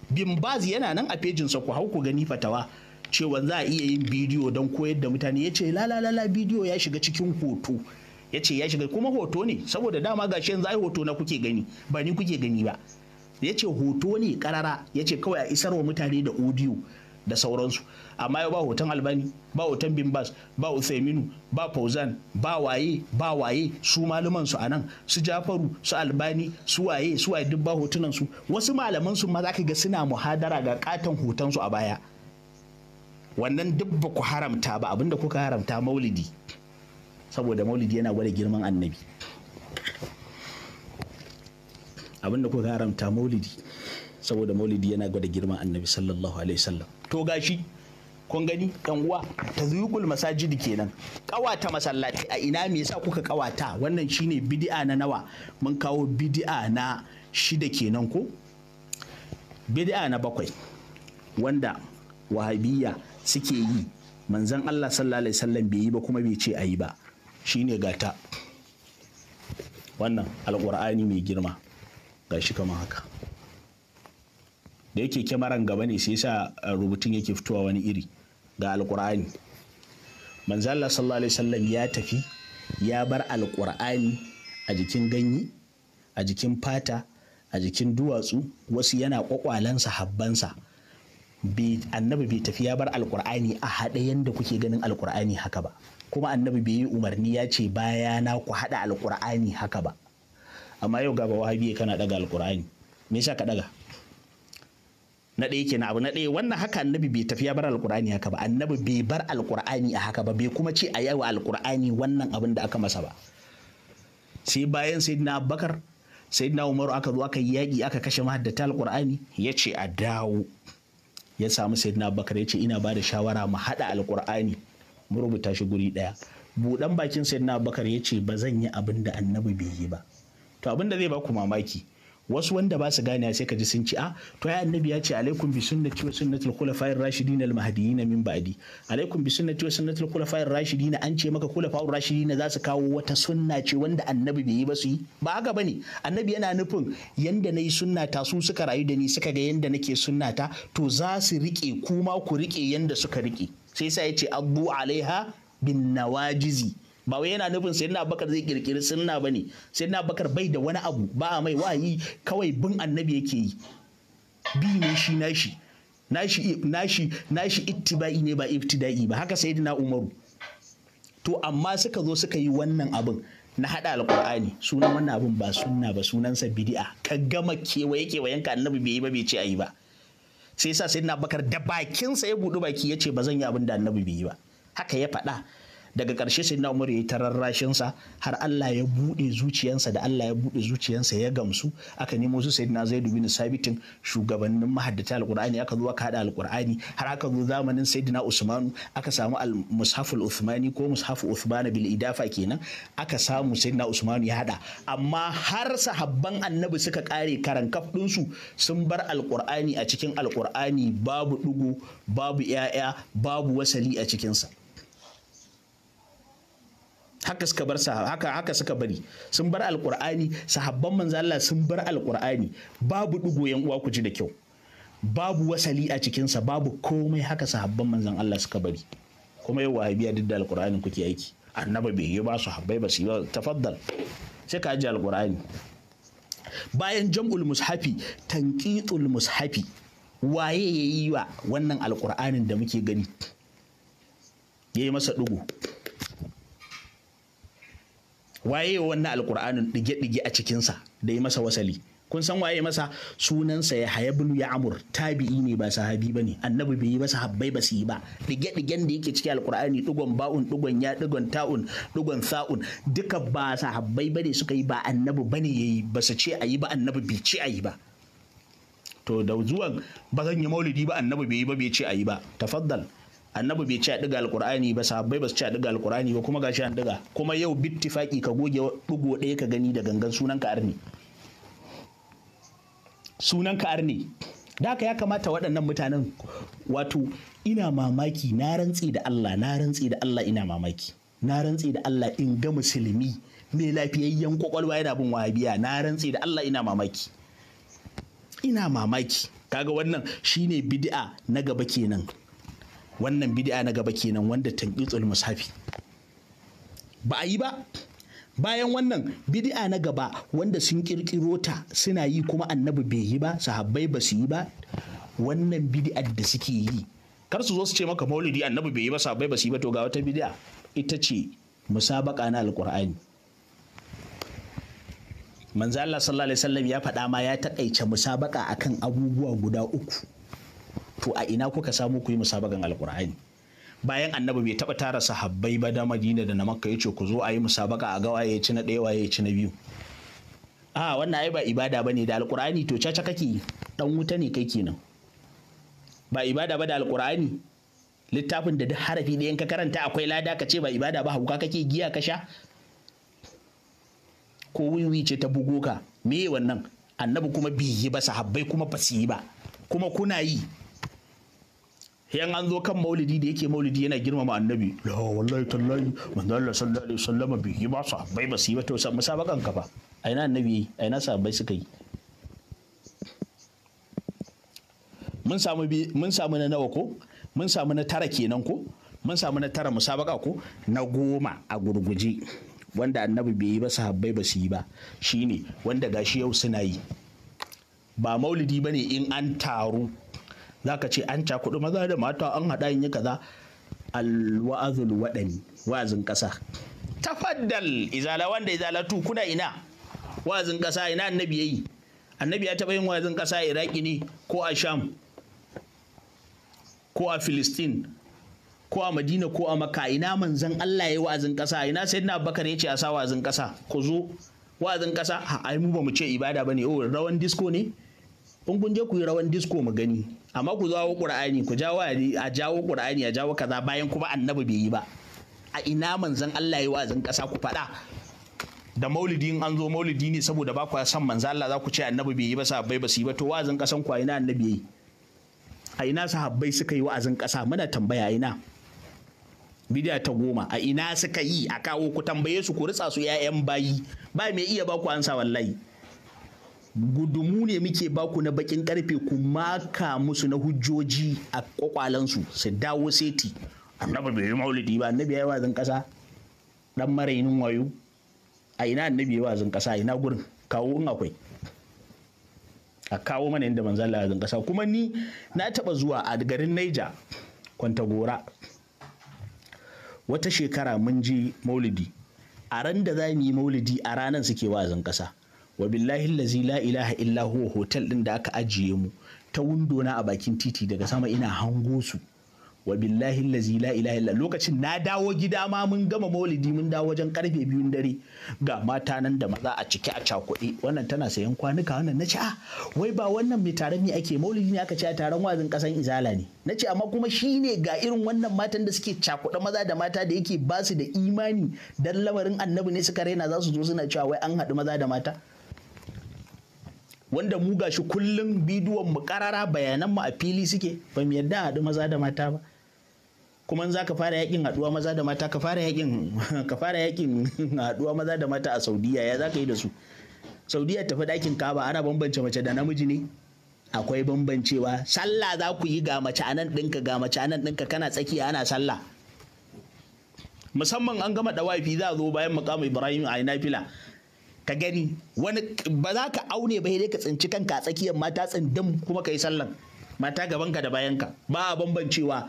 bin baz yana nan a sa ku hau ku gani fatawa cewa za a iya yin bidiyo don koyar da mutane ya ce lalalala bidiyo ya shiga cikin hoto ya ce ya shiga kuma hoto ne saboda dama gashi yanzu ai hoto na kuke gani ba ni kuke gani ba ya ce hoto ne karara ya ce kawai a isar wa mutane da odiyo da sauransu amma ya ba hoton albani ba hoton bimbas ba uthaiminu ba fauzan ba waye ba waye su malaman su anan su jafaru su albani su waye su waye duk ba hotunan su wasu malaman su ma za ka ga suna muhadara ga katon hoton su a baya wannan duk ba ku haramta ba abinda kuka haramta maulidi saboda maulidi yana gwada girman annabi abinda kuka haramta maulidi saboda maulidi yana gwada girman annabi sallallahu alaihi wasallam to gashi kun gani yan uwa tazyuqul masajidi kenan ƙawata masallaci a ina me yasa kuka kawata wannan shine bid'a na nawa mun kawo bid'a na shida kenan ko bid'a na bakwai wanda wahabiyya suke yi manzon Allah sallallahu alaihi wasallam bai yi ba kuma bai ce ayi ba shine gata wannan alqur'ani mai girma gashi kama haka da yake kyamaran gaba ne sai sa uh, rubutun yake fitowa wani iri ga alkur'ani manzala sallallahu alaihi wasallam ya tafi ya bar alkur'ani a jikin ganyi a jikin fata a jikin duwatsu wasu yana kwakwalansa sahabbansa annabi bai tafi ya bar alkur'ani a haɗe yadda kuke ganin alkur'ani haka ba kuma annabi bai yi umarni ya ce baya na ku haɗa alkur'ani haka ba amma yau gaba wahabiye kana daga alkur'ani me sha ka daga na ɗaya kenan abu na ɗaya wannan haka annabi bai tafi ya bar alkur'ani haka ba annabi bai bar alkur'ani a haka ba bai kuma ce a yawa alkur'ani wannan abin da aka masa ba sai bayan sayyidina sai sayyidina umaru aka zo aka yi yaƙi aka kashe mahaddata alkur'ani ya ce a dawo ya samu sayyidina bakar ya ce ina ba da shawara mu haɗa alkur'ani mu rubuta shi guri ɗaya buɗan bakin sayyidina bakar ya ce ba zan yi abin da annabi bai yi ba to abin da zai ba ku mamaki wasu wanda ba su gane sai ka ji sun ci a ah, to ya annabi ya ce alaikum bi sunnati wa sunnatul khulafa'ir rashidin al mahdiyyin min ba'di alaikum bi sunnati wa sunnatul khulafa'ir rashidin an ce maka khulafa'ur rashidin za su kawo wata sunna ce wanda annabi bai yi ba su yi ba haka bane annabi yana nufin yanda nayi sunna ta su suka rayu da ni suka ga yanda nake sunna ta to za su rike kuma ku rike yanda suka rike sai sa ya ce abu alaiha bin nawajizi ba wai yana nufin sayyidina abubakar zai kirkiri sunna bane sayyidina abubakar bai da wani abu ba a mai wayi kawai bin annabi yake yi bi ne shi nashi nashi nashi nashi ittiba'i ne ba iftida'i ba haka sayyidina umaru to amma suka zo suka yi wannan abin na hada alqur'ani sunan wannan abin ba sunna ba sunansa bid'a ka gama kewaye kewayen ka annabi bai yi ba bai ce ayi ba sai yasa sayyidina abubakar da bakinsa ya budu baki yace ba zan yi abin da annabi bai yi ba haka ya faɗa daga ƙarshe sai umar ya yi tararrashin sa har Allah ya buɗe zuciyansa da Allah ya buɗe zuciyansa ya gamsu aka nemo su sai na zaidu bin sabitin shugabannin mahaddata alqur'ani aka zo aka hada alqur'ani har aka zo zamanin sayyidina usmanu aka samu al-mushaful uthmani ko mushaf uthman bil idafa kenan aka samu sayyidina usmanu ya hada amma har sahabban annabi suka kare karan kaf su sun bar alqur'ani a cikin alqur'ani babu dugu babu 'ya'ya babu wasali a cikinsa haka suka bar haka haka suka bari sun bar alkur'ani sahabban manzo Allah sun bar alkur'ani babu ɗigo yan uwa ku ji da kyau babu wasali a cikinsa babu komai haka sahabban manzo Allah suka bari kuma yau wahabiya duk da alkur'ani kuke aiki annabi bai yi ba su habbai ba su tafaddal sai ka ji alkur'ani bayan jam'ul mushafi tanqitul mushafi waye yayi wa wannan alkur'anin da muke gani yayi masa dugo waye wannan alkur'anin ɗige-ɗige a cikinsa da ya masa wasali kun san waye masa sunansa ya haya ya amur tabi'i ne ba sahabi ba ne annabi bai yi ba sahabbai ba su yi ba dige-digen da yake cikin alkur'ani ɗigon ba'un ɗigon ya ɗigon ta'un ɗigon sa'un duka ba sahabbai ba ne suka yi ba annabi ba ne yayi ba su ce a yi ba annabi bai ce a ba to da zuwan ba zan yi maulidi ba annabi bai yi ba bai ce a yi ba tafaddal annabi bai ci a diga alkur'ani ba sahabbai ba su ci a diga alkur'ani ba kuma gashi an diga kuma yau bittifaki ka goge digo ɗaya ka gani da gangan sunan ka arni sunan ka arni da ya kamata waɗannan mutanen wato ina mamaki na rantse da Allah na rantsi da Allah ina mamaki na rantsi da Allah in ga musulmi mai lafiyayyen kwakwalwa yana bin wahabiya na rantsi da Allah ina mamaki ina mamaki kaga wannan shine bid'a na gaba kenan wannan bid'a na gaba kenan wanda tanqitsul mushafi ba a yi ba bayan wannan bid'a na gaba wanda sun kirkiro ta suna yi kuma annabi bai yi ba sahabbai ba su yi ba wannan bid'ar da suke yi kar su zo su ce maka maulidi annabi bai yi ba sahabbai ba su yi ba to ga wata bid'a ita ce musabaka na alqur'ani manzo Allah sallallahu alaihi wasallam ya faɗa ma ya takaice musabaka akan abubuwa guda uku to a ina kuka samu ku yi musabagan alkur'ani bayan annabi bai taba tara sahabbai ba da madina da na makka ya ce ku zo a yi musabaka a gawa ya ci na ɗaya waye ya ci na biyu a wannan ai ba ibada ba ne da alkur'ani to caca kake dan wuta ne kai kenan ba ibada ba da alkur'ani littafin da duk harafi ɗayan ka karanta akwai lada ka ce ba ibada ba hauka kake giya ka sha ko wiwi ce ta bugo ka me wannan annabi kuma bai yi ba sahabbai kuma ba su yi ba kuma kuna yi yan an zo kan maulidi da yake maulidi yana girmama annabi la wallahi tallahi manzo Allah sallallahu alaihi wasallam bi yi masa bai ba su yi ba musabakan ka A aina annabi aina sahabbai suka yi mun samu mun samu na nawa ko mun samu na tara kenan ko mun samu na tara musabaka ko na goma a gurguje wanda annabi bai yi ba sahabbai ba su yi ba shine wanda gashi yau suna yi ba maulidi bane in an taru za ka ce an cakudu maza da mata an haɗa yin yi kaza alwa'azul waɗani wa'azin ƙasa tafaddal izala wanda Izala izalatu kuna ina wa'azin ƙasa ina annabi yayi annabi ya taɓa yin wa'azin ƙasa a iraki ne ko a sham ko a filistin ko a madina ko a maka ina manzan allah ya yi wa'azin ƙasa ina sai na bakar ya ce a sa wa'azin ƙasa ku zo wa'azin ƙasa ai mu ba mu ce ibada ba oh, ne rawan disko ne in kun je ku yi rawan disco mu gani amma ku zawo qur'ani ku jawo a jawo qur'ani a jawo kaza bayan kuma annabi bai yi ba a ina manzon Allah ya wa'azin kasa ku faɗa da maulidi in an zo maulidi ne saboda ba ku san manzo Allah za ku ce annabi bai yi ba sahabbai ba su yi ba to wa'azin kasan ku a ina annabi yayi a ina sahabbai suka yi wa'azin kasa muna tambaya ina bidiya ta goma a ina suka yi a kawo ku tambaye su ku ritsa su 'ya'yan bayi ba mai iya ba ku ansa wallahi gudumu ne muke baku na bakin karfe ku maka musu na hujjoji a kwakwalansu su dawo seti annabi bai yi maulidi ba annabi ya yi wazin kasa dan marainin wayo a ina annabi ya wazin kasa ina gurin kawo in akwai a kawo mana inda manzan Allah wazan kasa kuma ni na taba zuwa a garin Niger gora. wata shekara mun je maulidi a ran da za mu yi maulidi a ranar suke wazin kasa wa billahi lazi la ilaha illa huwa hotel din da aka ajiye mu ta windo na a bakin titi daga sama ina hango su wa billahi lazi la ilaha illa lokacin na dawo gida ma mun gama maulidi mun dawo wajen karfe biyun dare ga mata nan da maza a ciki a cakuɗe wannan tana sayan kwanuka wannan nace a ah, wai ba wannan mai taron ne ake maulidi ne aka ce a taron wazin kasan izala ne nace amma kuma shine ga irin wannan matan da suke cakuɗe maza da mata da yake ba su da imani dan lamarin annabi ne suka raina za su zo suna cewa wai an haɗu maza da mata wanda mu gashi kullum bidiyon mu karara bayanan mu a fili suke ba mu yadda haɗu maza da mata ba kuma za ka fara yakin haɗuwa maza da mata ka fara yakin ka fara yakin haɗuwa maza da mata a Saudiya ya za ka yi da su Saudiya tafi ɗakin Kaba ana bambance mace da namiji ne akwai bambancewa sallah za ku yi ga mace anan dinka ga mace anan ɗinka kana tsakiya ana sallah musamman an gama dawafi za a zo bayan mukamu Ibrahim a Inafila. ka gani wani ba za ka aune ba dai ka tsinci kanka a tsakiyar mata tsindin kuma ka yi sallan mata gabanka da bayanka ba a bambancewa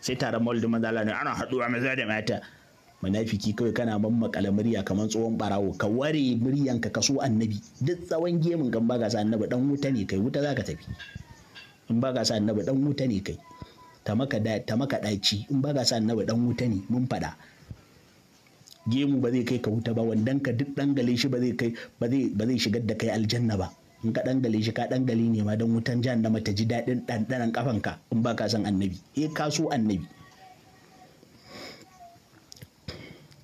sai taron maldi maza ne ana haɗuwa maza da mata munafiki kawai kana mammakala murya kamar tsohon barawo ka ware muryanka ka so annabi duk tsawon gemun kan ba gasa annabi dan wuta ne kai wuta za ka tafi in ba gasa annabi dan wuta ne kai ta maka daci in ba gasa annabi dan wuta ne mun faɗa gemu ba zai kai ka wuta ba wandan ka duk dangale shi ba zai kai ba zai shigar da kai aljanna ba in ka dangale shi ka dangale ne ma dan wutan jahannama ta ji daɗin kafan ka in ba ka san annabi eh ka so annabi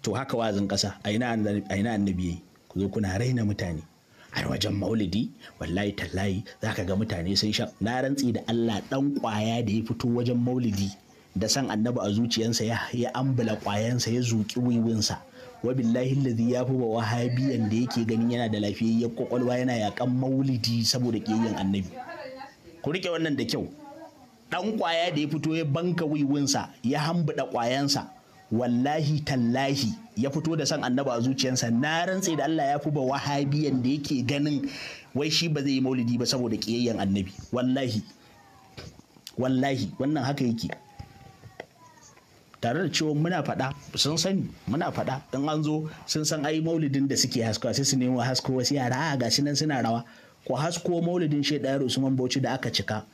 to haka wazin kasa a ina annabi yayi ku zo kuna raina mutane a wajen maulidi wallahi tallahi zaka ga mutane sun sha na rantsi da Allah dan kwaya da ya fito wajen maulidi da san annabi a zuciyarsa ya ambula kwayansa ya zuki wiwinsa Wabillahi billahi ya fi wahabiyan da yake ganin yana da lafiyayyar kwakwalwa yana yakan maulidi saboda kiyayen annabi ku rike wannan da kyau dan kwaya da ya fito ya banka wiwinsa ya hambuɗa kwayansa wallahi tallahi ya fito da san annaba a zuciyarsa na rantse da Allah ya fi ba wahabiyan da yake ganin wai shi ba zai yi maulidi ba saboda kiyayen annabi wallahi wallahi wannan haka yake tare da cewa muna faɗa sun sani muna faɗa in an zo sun san ai maulidin da suke haskowa sai su nemo hasko wasu yara a gashi nan suna rawa ku hasko maulidin shaidayar usman bauchi da aka cika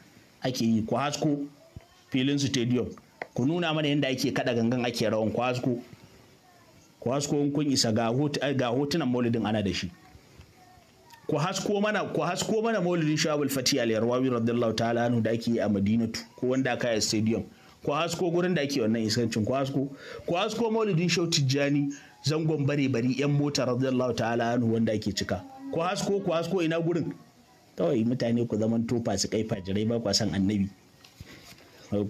ake yi ku hasko filin stadium ku nuna mana yadda ake kada gangan ake rawan ku hasko ku hasko in kun isa ga hotunan maulidin ana da shi ku hasko mana ku hasko mana maulidin shawul fatih al-yarwawi radiyallahu ta'ala anhu da ake yi a madinatu ko wanda aka yi stadium ku hasko gurin da ake wannan iskancin ku hasko hasko maulidin shau tijjani zangon bare bari yan mota radiyallahu ta'ala anhu wanda ake cika ku hasko ku hasko ina gurin kawai mutane ku zaman tofa su kai fajirai ba kwa san annabi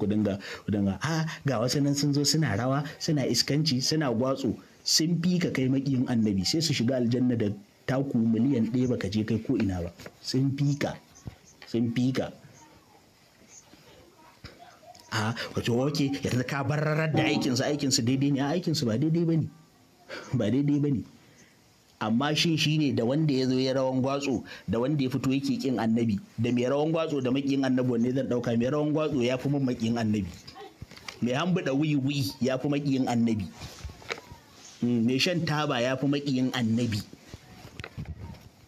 ku dinga ku dinga a ga wasu nan sun zo suna rawa suna iskanci suna gwatsu sun fi ka kai makiyin annabi sai su shiga aljanna da taku miliyan ɗaya baka je kai ko ina ba sun fi sun fi ka a wato wake ya ka bararar da aikinsa aikinsa daidai ne a aikinsa ba daidai ba ne ba daidai ba ne amma shin shi ne da wanda ya zo ya rawan gwatso da wanda ya fito yake kin annabi da mai rawan gwatso da makin annabi wanne zan dauka mai rawan gwatso ya fi makin annabi mai hambuda wuyi ya fi makin annabi mm, mai shan taba ya fi makiyin annabi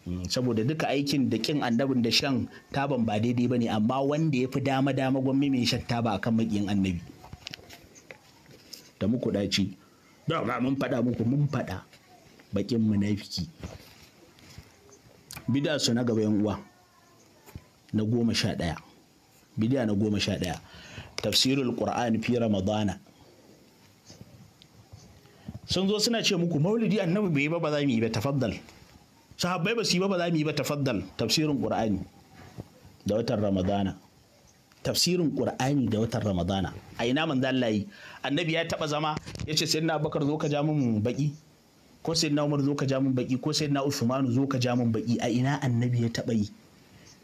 Mm, saboda duka aikin da kin annabin da shan taban ba daidai ba ne amma wanda ya fi dama dama gwammi mai shan taba akan makiyin annabi da muku dace da ba mun faɗa muku mun faɗa bakin munafiki bida su na gaba uwa na goma sha ɗaya bidiya na goma sha daya tafsirul qur'an fi ramadana sun zo suna ce muku maulidi annabi bai ba ba za mu yi ba tafaddal sahabbai ba su yi ba za mu yi ba tafaddal tafsirin qur'ani da watan ramadana tafsirin qur'ani da watan ramadana a ina da Allah yi annabi ya taba zama ya ce sayyidina abubakar zo ka ja mun baki ko sayyidina umar zo ka ja mun baki ko sayyidina usman zo ka ja mun baki a ina annabi ya taba yi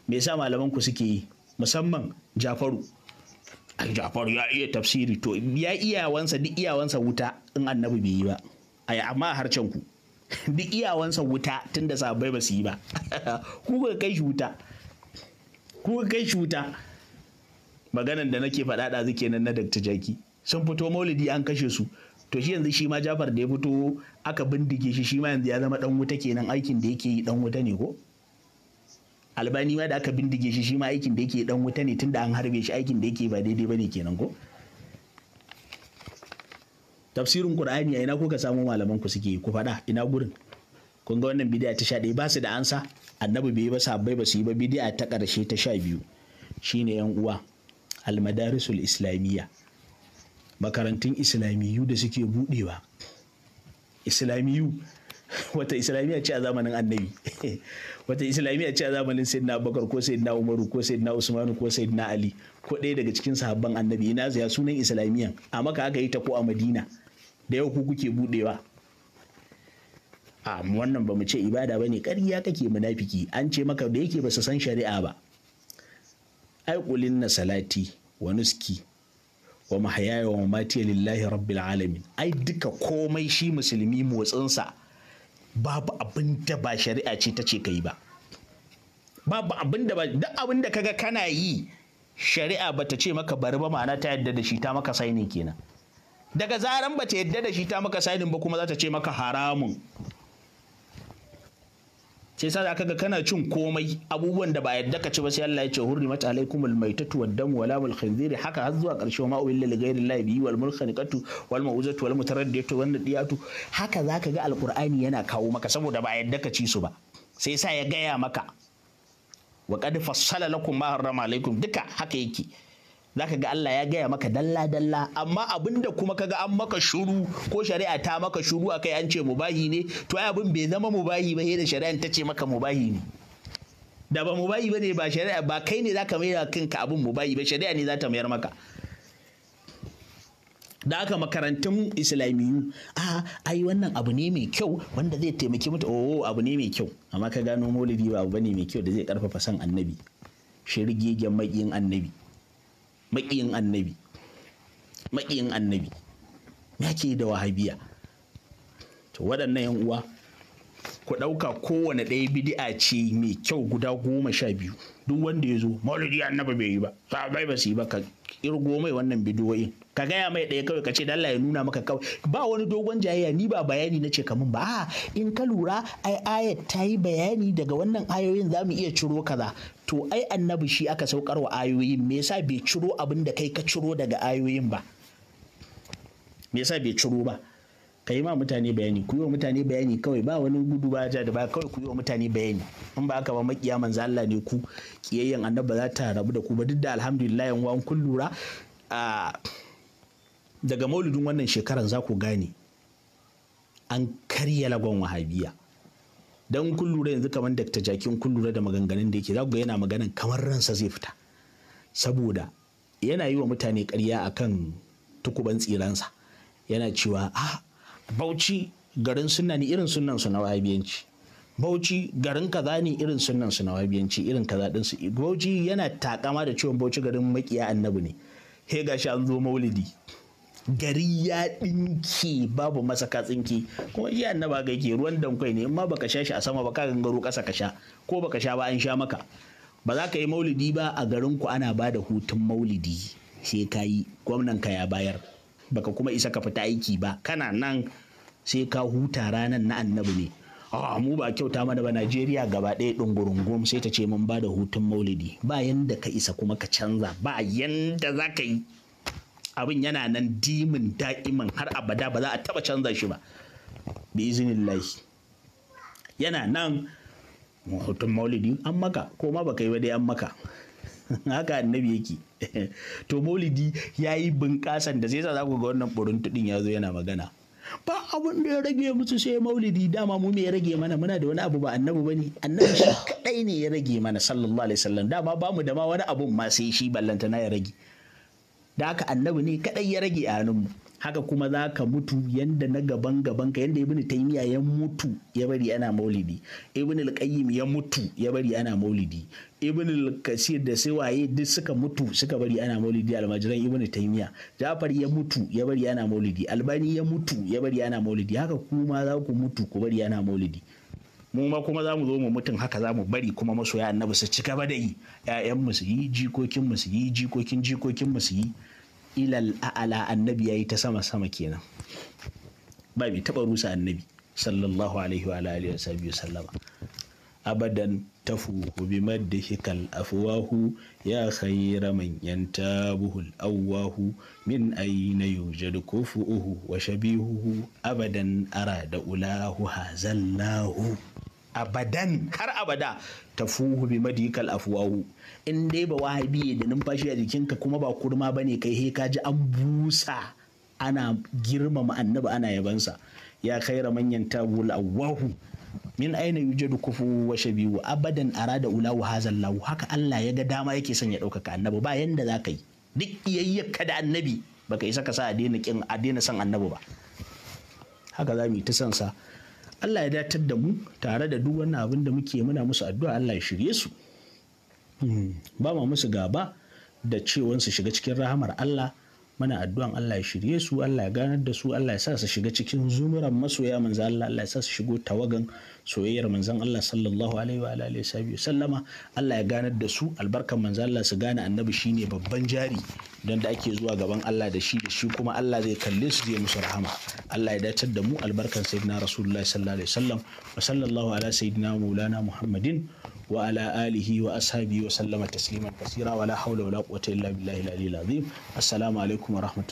me yasa malaman ku suke yi musamman jafaru ai jafaru ya iya tafsiri to ya iyawansa duk iyawansa wuta in annabi bai yi ba ai amma harcen ku duk iyawansa wuta tun da sabai ba su yi ba kuka ka kai shi wuta kuka ka kai shi wuta maganan da nake faɗa da zuke nan na dakta jaki sun fito maulidi an kashe su to shi yanzu shi ma jafar da ya fito aka bindige shi shi ma yanzu ya zama dan wuta kenan aikin da yake yi dan wuta ne ko albani ma da aka bindige shi shi ma aikin da yake dan wuta ne tunda an harbe shi aikin da yake ba daidai bane kenan ko tafsirin qur'ani a ina kuka samu malaman ku suke ku faɗa ina gurin kun ga wannan bidiya ta sha ɗaya ba su da ansa annabi bai ba sahabbai ba su yi ba bidiya ta ƙarshe ta sha biyu shine yan uwa almadarisul islamiyya makarantun islamiyu da suke buɗewa islamiyu wata islamiyya ce a zamanin annabi wata islamiyya ce a zamanin sayyidina abubakar ko sayyidina umaru ko sayyidina usmanu ko sayyidina ali ko ɗaya daga cikin sahabban annabi ina zaya sunan islamiyyan a maka aka yi ta ko a madina da yau ku kuke budewa a wannan ba mu ce ibada ba ne ƙarya kake munafiki an ce maka da yake ba su san shari'a ba ai kulin na salati wa nuski wa mahayaya wa mamati lillahi rabbil alamin ai duka komai shi musulmi motsinsa babu abin da ba shari'a ce ta ce kai ba babu abin da ba duk abin da kaga kana yi shari'a ba ta ce maka bari ba ma'ana ta yadda da shi ta maka sainin kenan daga zaran ba ta yadda da shi ta maka sainin ba kuma za ta ce maka haramun sai sa aka ga kana cin komai abubuwan da ba yadda ka ci ba sai Allah ya ce mata alaikum almaitatu waddamu wala mul khinziri haka har zuwa karshe ma da li ghairi llahi bihi wal mulkhaniqatu wal mawzatu wal mutaraddiyatu wan diyatu. haka zaka ga alqur'ani yana kawo maka saboda ba yadda ka ci su ba sai sa ya gaya maka wa qad fassala lakum ma harrama alaikum duka haka yake zaka ga Allah ya gaya maka dalla dalla amma abinda kuma kaga an maka shuru ko shari'a ta maka shuru akai an ce mubahi ne to ai abin bai zama mubahi ba da shari'a ta ce maka mubahi ne da ba mubahi bane ba shari'a ba kai ne zaka mayar kanka abin mubahi ba shari'a ne za ta mayar maka da aka makarantun islamiyu a ai wannan abu ne mai kyau wanda zai taimaki mutu oh abu ne mai kyau amma ka gano maulidi ba abu ne mai kyau da zai karfafa san annabi shirgegen maƙiyin annabi maƙiyin annabi maƙiyin annabi ya ke da wahabiya to waɗannan yan uwa ku ɗauka kowane ɗaya bidi'a ce mai kyau guda goma sha biyu duk wanda ya zo maulidi annabi bai yi ba sahabai ba su yi ba ka kirgo mai wannan bidiyoyin ka gaya mai ɗaya kawai ka ce Allah ya nuna maka kawai ba wani dogon jayayya ni ba bayani na ce kamun ba in ka lura ai ayat ta yi bayani daga wannan ayoyin za mu iya ciro kaza to ai annabi shi aka saukar wa ayoyin me yasa bai ciro abin da kai ka ciro daga ayoyin ba me yasa bai ciro ba ka yi ma mutane bayani ku yi wa mutane bayani kawai ba wani gudu ba da ba kawai ku yi wa mutane bayani in ba haka ba makiya manzo Allah ne ku kiyayyen annabi za ta rabu da ku ba duk da alhamdulillah yan wa kun lura ah, daga mauludin wannan shekaran za ku gane an karya lagon wahabiya don kun lura yanzu kamar dakta jakin kun da maganganun da yake za ku ga yana maganan kamar ransa zai fita saboda yana yi wa mutane karya akan tukuban tsiransa yana cewa ah bauchi garin sunna ne irin sunan su na wahabiyanci bauchi garin kaza ne irin sunan su na wahabiyanci irin kaza din su bauchi yana takama da ciwon bauchi garin makiya annabi ne he gashi an zo maulidi gari ya ɗinki babu masa katsinki kuma iya annaba ga yake ruwan dankwai ne Amma baka sha shi a sama ba ka gangaro ƙasa ka sha ko baka sha ba an sha maka ba za ka yi maulidi ba a garin ku. ana ba da hutun maulidi sai ka yi gwamnan ka ya bayar baka kuma isa ka fita aiki ba kana nan sai ka huta ranar na annabi ne a ah, mu ba kyauta mana ba Najeriya gaba ɗaya ɗungurungum sai ta ce mun ba da hutun maulidi ba yanda ka isa kuma ka canza ba yanda za ka yi abin yana nan dimin da'iman har abada ba za a taba canza shi ba bi lahi yana nan hoton maulidi an maka ko ma baka yi ba dai an maka haka annabi yake to maulidi ya yi bunƙasan da zai sa za ku ga wannan burin tudin ya zo yana magana ba abin da ya rage musu sai maulidi dama mu me ya rage mana muna da wani abu ba annabi ba ne annabi shi kadai ne ya rage mana sallallahu alaihi wasallam dama ba mu da ma wani abun ma sai shi ballanta ya rage da haka annabi ne kaɗai ya rage a hannunmu haka kuma za ka mutu yadda na gaban gaban ka yanda yi taymiya ya mutu ya bari ana maulidi Ibn al-qayyim ya mutu ya bari ana maulidi Ibn al-kasir da sai waye duk suka mutu suka bari ana maulidi almajiran ibnu taymiya jafar ya mutu ya bari ana maulidi albani ya mutu ya bari ana maulidi haka kuma za ku mutu ku bari ana maulidi mu ma kuma za mu zo mu mutum haka za mu bari kuma masoya annabi su ci gaba da yi ya'yan su yi jikokin su yi jikokin jikokin su yi ilal a'ala annabi yayi ta sama sama kenan ba bai taba rusa annabi sallallahu alaihi wa alihi wa sallama abadan tafuhu bi maddihikal afwahu ya khayra man yantabuhu al min ayna yujadu kufuhu wa shabihuhu abadan ara arada ulahu hazallahu abadan har abada tafuhu bi maddihikal afwahu in dai ba wahabi da numfashi a jikinka kuma ba kurma bane kai he ka ji an busa ana girmama annabi ana yabansa ya kaira manyan yantabuhu auwahu. min aina yujadu kufu wa abadan arada ulahu hazal lahu haka Allah ya ga dama yake son ya ɗaukaka annabi ba yanda za ka yi duk iyayyarka da annabi baka isa ka sa a daina kin a daina son annabi ba haka za mu yi ta son sa Allah ya datar da mu tare da duk wannan abin da muke muna musu addu'a Allah ya shirye su hmm. ba ma musu gaba da su shiga cikin rahamar Allah muna addu'an Allah ya shirye su Allah ya ganar da su Allah ya sa su shiga cikin zumuran masoya manzan Allah Allah ya sa su shigo tawagan soyayyar manzan Allah sallallahu alaihi wa alihi wa sallama Allah ya ganar da su albarkan manzan Allah su gane annabi shine babban jari don da ake zuwa gaban Allah da shi da shi kuma Allah zai kalle su zai musu rahama Allah ya datar da mu albarkan sayyidina rasulullahi sallallahu alaihi wa sallallahu ala sayyidina maulana muhammadin wa'ala alihi wa ashabihi wa sallama tasliman kasira wala haula wala quwwata illa billahi al-aliyyil azim assalamu alaikum wa